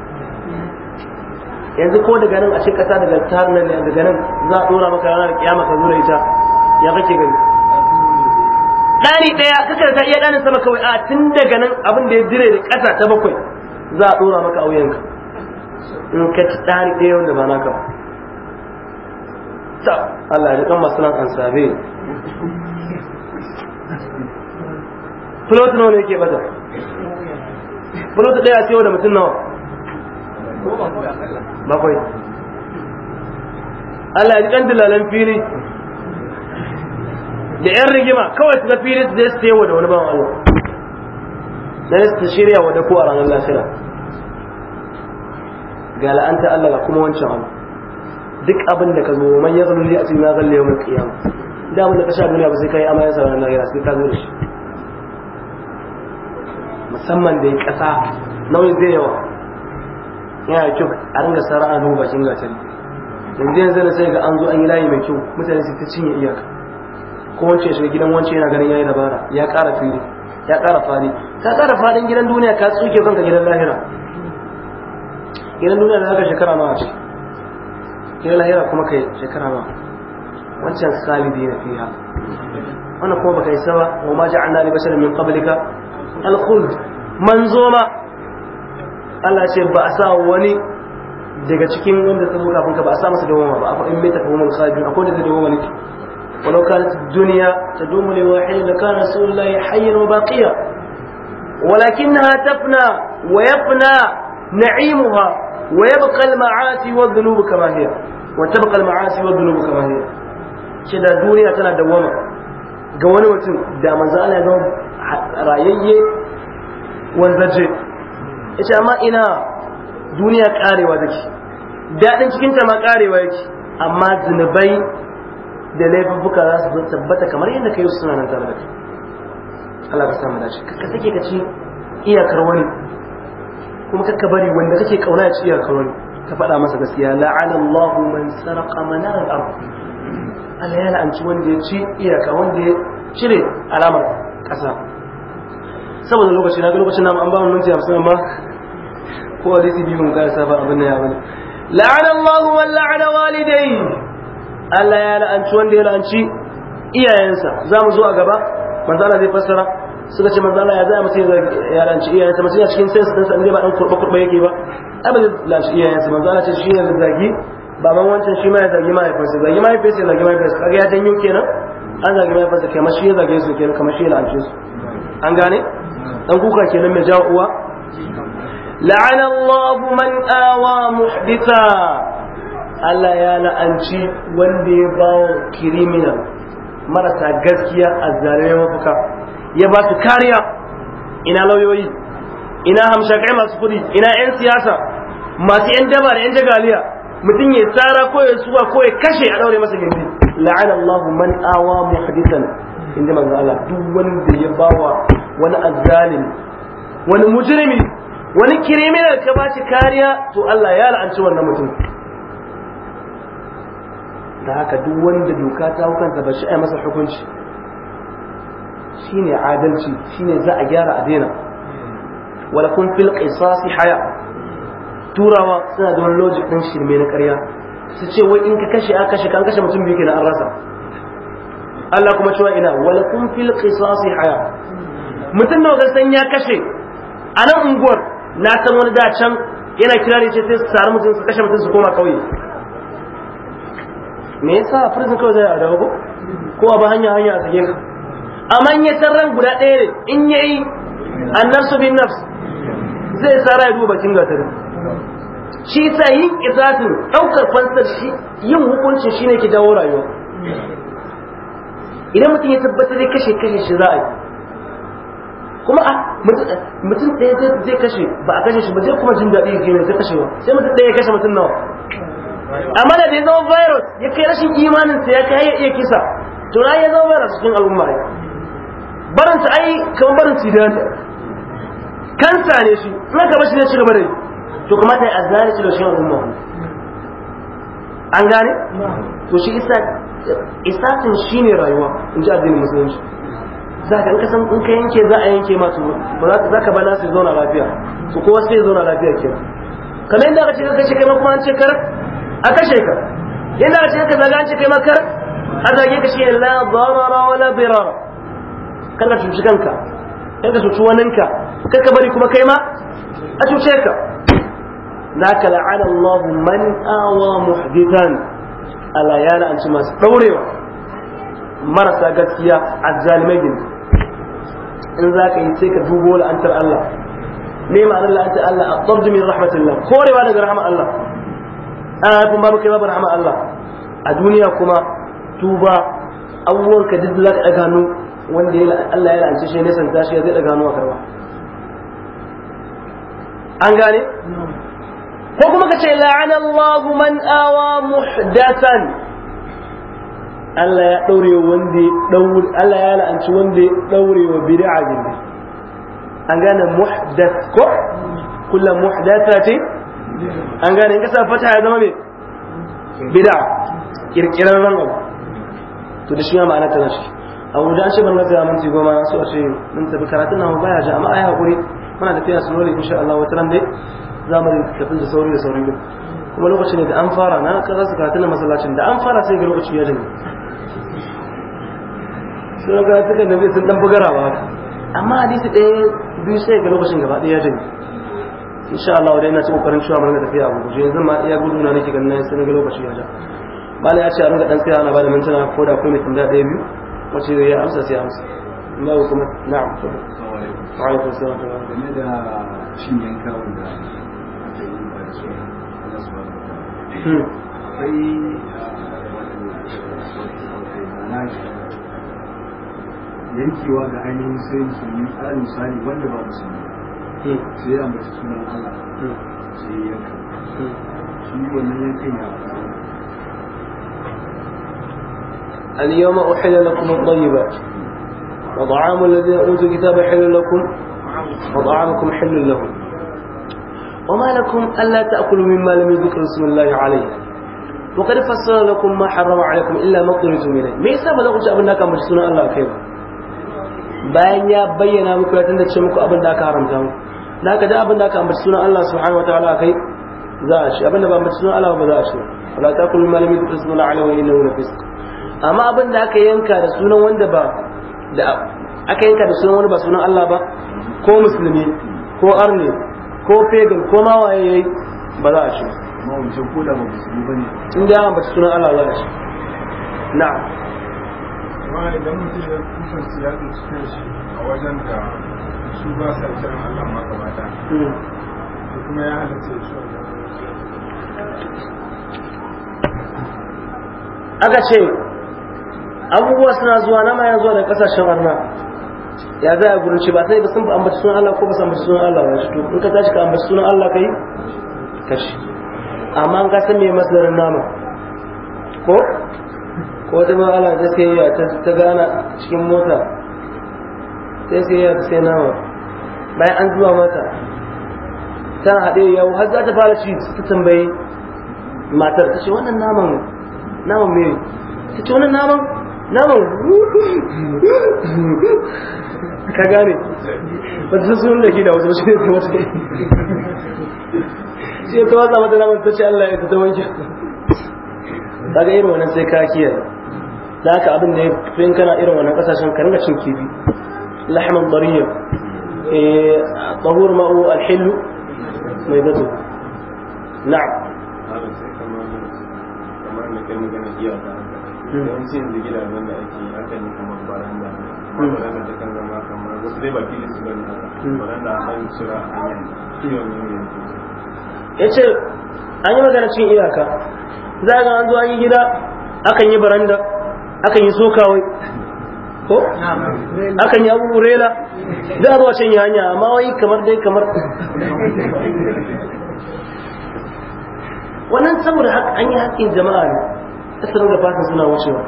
yanzu ko daga nan a cikin kasa daga tar nan daga nan za a dora maka ranar kiyama ka zo da ita ya kake gani dani daya kakar ta iya danin sama kawai a tun daga nan abin da ya dire da kasa ta bakwai za a dora maka auyanka. in ka ci dani daya wanda ba naka ba ta Allah ya rikan masu nan an sabe Fulot nawa ne yake bata? Fulot ɗaya sai da mutum nawa? bakwai Allah ya ji kan dilalan fili da yan rigima kawai su ga fili su zai su da wani bawan Allah na ta shirya wa da ko a ranar lafiya ga la'anta Allah ga kuma wancan abu duk abin da ka zo man ya zama ne a cikin na zalle yau mai kiyama da abin da ka sha duniya ba sai ka yi amayan sa ranar lahira sai ka zo da shi musamman da ya kasa nauyin zai yawa yana kyau a ringa sara'a nuna bakin gatar yanzu yanzu da sai ga an zo an yi layi mai kyau mutane su ta cinye iyaka ko wance shiga gidan wance yana ganin yayi dabara ya ƙara fili ya ƙara fadi ka ƙara fadin gidan duniya ka tsuke kanka gidan lahira gidan duniya da haka shekara nawa ce gidan lahira kuma kai shekara nawa wancan biyu na fiya wannan kuma baka yi sawa wa ma ja'alna li basharin min qablika al-khuld manzo ma Allah ce ba a sa wani daga cikin wanda ta muka ka ba a sa masa dawo ba a in meta kawo mun sabi a kodin da dawo mun ki walau ka duniya ta dumu ne wa hayyan da ka rasulullahi hayyan wa baqiya walakinna tafna wa yafna na'imuha wa yabqa al ma'asi wa dhunub kama hiya wa tabqa al ma'asi wa dhunub kama hiya ce da duniya tana dawama ga wani mutum da manzo Allah ya zama rayayye wanzaje yace amma ina duniya karewa take dadin cikin ta ma karewa yake amma zunubai da laifuffuka za su tabbata kamar yadda kai suna nan tare da kai Allah ka samu dace ka take ka ci iyakar wani kuma ka bari wanda kake kauna ya ci iyakar wani ka faɗa masa gaskiya la'ana Allahu man sarqa manar al-ard Allah ya la'anci wanda ya ci iyaka wanda ya cire alamar ƙasa saboda lokaci na ga lokacin namu an ba mu minti 50 amma ko hadisi biyu mun ga safa abin na ya bane la'ana Allahu wa la'ana walidai. Allah ya la'anci wanda ya la'anci iyayensa za mu zo a gaba manzo Allah zai fassara suka ce manzo Allah ya zai mutum ya la'anci iyayensa mutum ya cikin sense ɗinsa inda ba ɗan kurɓa kurɓa yake ba abin da la'anci iyayensa manzo Allah ce shi ne zagi baban wancan shi ma ya zagi mahaifinsa zagi mahaifinsa ya zagi mahaifinsa kaga ya janyo kenan an zagi mahaifinsa kamar shi ya zage su kenan kamar shi ya la'ance su an gane dan kuka kenan mai jawo uwa la'ana Allah man awa muhditha Allah ya la'anci wanda ya bawa criminal marasa gaskiya a zalime mafaka ya ba su kariya ina lauyoyi ina hamshakai masu kudi ina yan siyasa masu yan daba da yan jagaliya mutum ya tsara ko ya suwa ko ya kashe a daure masa gindi la'ana Allah man awa muhdithan in manzo Allah duk wanda ya bawa wani azzalimi wani mujrimi wani criminal ka bashi kariya to Allah ya la'anci wannan mutum da haka duk wanda doka ta hukunta ba shi ai masa hukunci shine adalci shine za a gyara a daina wala kun fil qisasi haya turawa suna da wani logic din shirme na karya. su ce wai in ka kashe a kashe kan kashe mutum biyu kenan an rasa Allah kuma cewa ina wala kun fil qisasi haya mutum nawa ga san ya kashe a nan unguwar na san wani da can yana kira ne ce sai su sari mutum su kashe mutum su koma kauye me yasa prison kawai zai a dawo ko ko ba hanya hanya a sake ka amma in ya san ran guda ɗaya ne in yayi annasu bin nafs zai sa ya duba bakin gatarin shi sa yin kisasin ɗaukar fansar shi yin hukuncin shine ke jawo rayuwa idan mutum ya tabbatar ya kashe kashe shi za a yi kuma a mutum ɗaya zai kashe ba a kashe shi ba zai kuma jin daɗi ya gina zai kashewa sai mutum ɗaya ya kashe mutum nawa amma da ya zama virus ya kai rashin imanin sa ya kai ya iya kisa to na ya zama virus cikin al'umma ya barin ta ai kamar barin sida ne kansa ne shi suna kama shi ne shi gaba da yi to kamata ya azari shi da shi al'umma an gane to shi isa isasin shine rayuwa in ji addinin musulunci za ka in in ka yanke za a yanke masu ba za ka bana su zauna lafiya su kowa sai zauna lafiya ke kamar inda aka ce ka kashe kai ma kuma an ce kar a kashe ka yadda aka ce ka zaga an ce kai ma kar a zage ka shi la darara wala birara kana cuci kanka kai ka cuci ka. kai ka bari kuma kai ma a cuce ka naka la'ana Allah man awa muhdithan ala ya la'anci masu ɗaurewa marasa gaskiya a zalimai gindi in za ka yi sai ka dubo la'antar Allah ne ma'anar la'antar Allah a tsabdu min rahmatillah korewa daga rahama Allah an haifin babu kai babu rahama Allah a duniya kuma tuba abubuwan ka duk za ka ɗaga hannu wanda Allah ya la'anci shi ne san tashi ya zai ɗaga hannu a karba an gane ce la'ana la'anallahu man awa muhdathan Allah ya daure wanda ya daure Allah ya la'anci wanda ya daure wa bid'a bid'a an gane muhdath ko kullu muhdathati an gane in ka sa fata ya zama me bid'a kirkiran nan abu to da shi ma ana tana shi abu da an ce ban mun minti goma so a ce mun tafi karatun nan baya jama'a ya hakuri muna tafiya su lori insha Allah wata ran dai zamani kafin da sauri da sauri ne kuma lokacin da an fara na ka su kafin na masallacin da an fara sai ga lokaci ya jami sai ga suka nabi sun dan bugara ba amma hadisi ɗaya biyu sai ga lokacin gaba ɗaya ya jami insha Allah dai na ci kokarin cewa mun ga tafiya abu guje zan ma iya gudu na nake ganin sun ga lokaci ya ja bala ya ce a rinka dan tsaya ana bada mintuna ko da kuma mutum da ɗaya biyu zai ya amsa sai amsa Allah kuma na'am wa alaikum salam game da shin yanka wanda yankewa ga ainihin musulunci ne tsarin misali wanda ba musulmi sai ya ambaci sunan Allah sai yanka shi wannan yankan ya اليوم أحل لكم الطيبات وطعام الذين أوتوا الكتاب حل لكم وطعامكم حل لهم وما لكم ألا تأكلوا مما لم يذكر اسم الله عليه وقد فسر لكم ما حرم عليكم إلا ما me yasa ba za ku ci aka mace sunan Allah kai ba bayan ya bayyana muku ya tantace muku abin da aka haramta muku da aka da aka mace sunan Allah subhanahu wataala kai za a ci abin da ba mace sunan Allah ba za a ci wala taqulu ma lam yadhkur ismu Allah alayhi aka yanka wanda ba aka yanka ba Allah ba ko musulmi ko arne ko fegin ko ma waye yayi ba za a ci amma wancan ko da ba musulmi bane in da ba Allah za a ci Na. idan mutum ya siyasa cikin shi a wajen da su ba Allah ma da hmm. kuma ya shi aka ce abubuwa suna zuwa nama ya zuwa da kasashen arna ya za a gurin ba sai ba sun ambaci sunan Allah ko ba sun ambaci sunan Allah ba shi to in ka tashi ka ambaci sunan Allah kai kashi amma an ka san me masdarin nama ko ko wata ma Allah ta sai ya ta gana cikin mota sai sai ya sai nama bayan an zuwa mata ta haɗe yau har za ta fara shi ta tambayi matar ta ce wannan naman naman me ta ce wannan naman naman ka gane ba ta sun da da wasu shi ne ta wasu shi ta wata mata naman ta ce Allah ya ta wanke ta ga irin wannan sai kakiyar da haka abin da ya fi kana irin wannan kasashen ka ringa cin kifi lahman bariya eh, tsohuwar ma'u alhillu mai bato na'am kamar na kai magana iyaka yawanci yanzu gidajen da ake yi akan yi kamar baranda baranda ta kan zama kamar wasu dai ba fili su bane haka hmm. baranda an cira a hanyar kiwon yin yanzu ya ce an yi magana cikin iyaka za ga an zo an yi gida akan yi baranda akan yi sokawai ko akan yi abu rela za a zuwa can yi hanya amma wai kamar dai kamar wannan saboda an yi haƙƙin jama'a ne ta da fata suna wucewa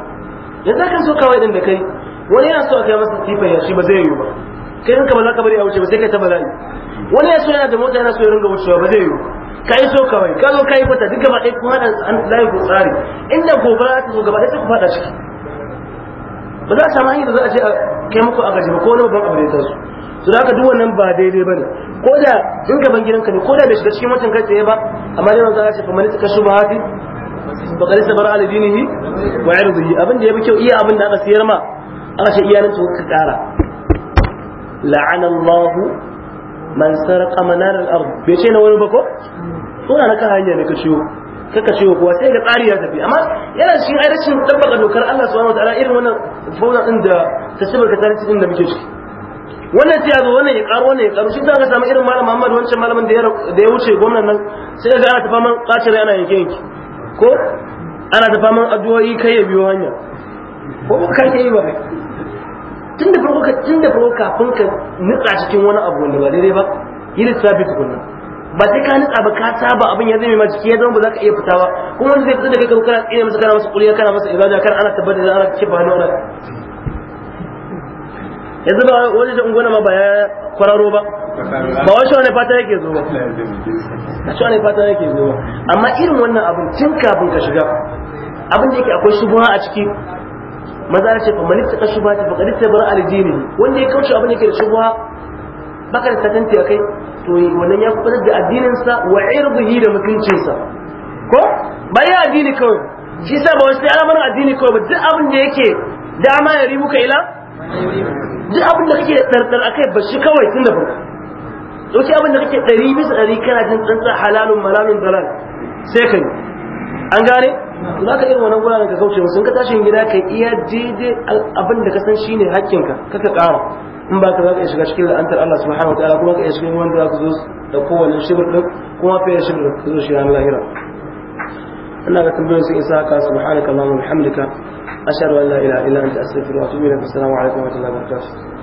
za ka so kawai din da kai wani yana so a kai masa tifan yashi ba zai yiwu ba kai rinka ba za ka bari a wuce ba sai kai ta bala'i wani ya so yana da mota yana so ya ringa wucewa ba zai yiwu ka yi so kawai ka zo ka yi fata duk gaba ɗaya kun haɗa layi ko tsari inda gobara ta zo gaba ɗaya ta ku faɗa ciki ba za a samu hanyar da za a ce a kai muku a gaji ba ko wani babban abu da ya taso su da haka duk wannan ba daidai ba ne. ko da in gaban gidanka ne ko da bai shiga cikin mutum kai tsaye ba amma dai manzo Allah ce fa ka shuba hafi ba kare sabar ala wa irdihi abin da yafi kyau iya abin da aka siyar ma aka ce iyalin su ka kara la'ana Allah man sarqa manar al-ard bai ce na wani ba ko ko na ka hanya ne ka ciwo kaka ciwo kuwa sai da tsari ya tafi amma yana cikin ai rashin tabbata dokar Allah subhanahu wataala irin wannan fauna din da ka tare cikin da muke ciki wannan sai yazo wannan ya karo wannan ya karo shi ta ka samu irin malam Muhammad wancan malamin da ya wuce gwamnan nan sai ga ana tafa man kacin ana yanke yanke ko ana da faman addu'o'i kai ya biyo hanya ko ba ka yi ba tun da farko tun da farko kafin ka nutsa cikin wani abu wanda ba daidai ba yi lissafi tukunna ba sai ka nutsa ba ka saba abin ya zama mai jiki ya zama ba za ka iya fitawa kuma wanda zai fita da kai kuma kana tsine masa kana masa kuliya kana masa ibada kana ana tabbatar da ana ce ba ana yanzu ba wani da ungona ma ba ya kwararo ba ba wani shawane fata yake zo ba a shawane fata yake zo ba amma irin wannan abin tun kafin ka shiga abin da yake akwai shubuha a ciki maza ce fa manista ka shubuha ta fakari ta bar aljini wanda ya kauce abin da yake da shubuha baka da satanti a kai to wannan ya kubutar da addininsa wa irbihi da mutuncinsa ko bayan addini kawai shi sa ba wasu sai alamarin addini kawai ba duk abin da yake dama ya ribuka ila duk abin da kake ɗarɗar akai ba shi kawai tun da farko dauki abin da kake ɗari bisa ɗari kana jin tsantsan halalun malalun dalal sai ka yi an gane za ka irin wannan guraren ka kauce musu in ka tashin gida ka iya daidai abin da ka san shine ka kaka ƙara in ba ka za ka iya shiga cikin la'antar Allah subhanahu wa ta'ala kuma ka iya shiga wanda za ka zo da kowane shibir ɗin kuma fiye shibir da ka zo shi ranar lahira ina ga tambayoyin sun isa haka subhanaka allahumma bihamdika ashhadu an la ilaha illa anta astaghfiruka wa atubu ilaik assalamu alaikum wa rahmatullahi wa barakatuh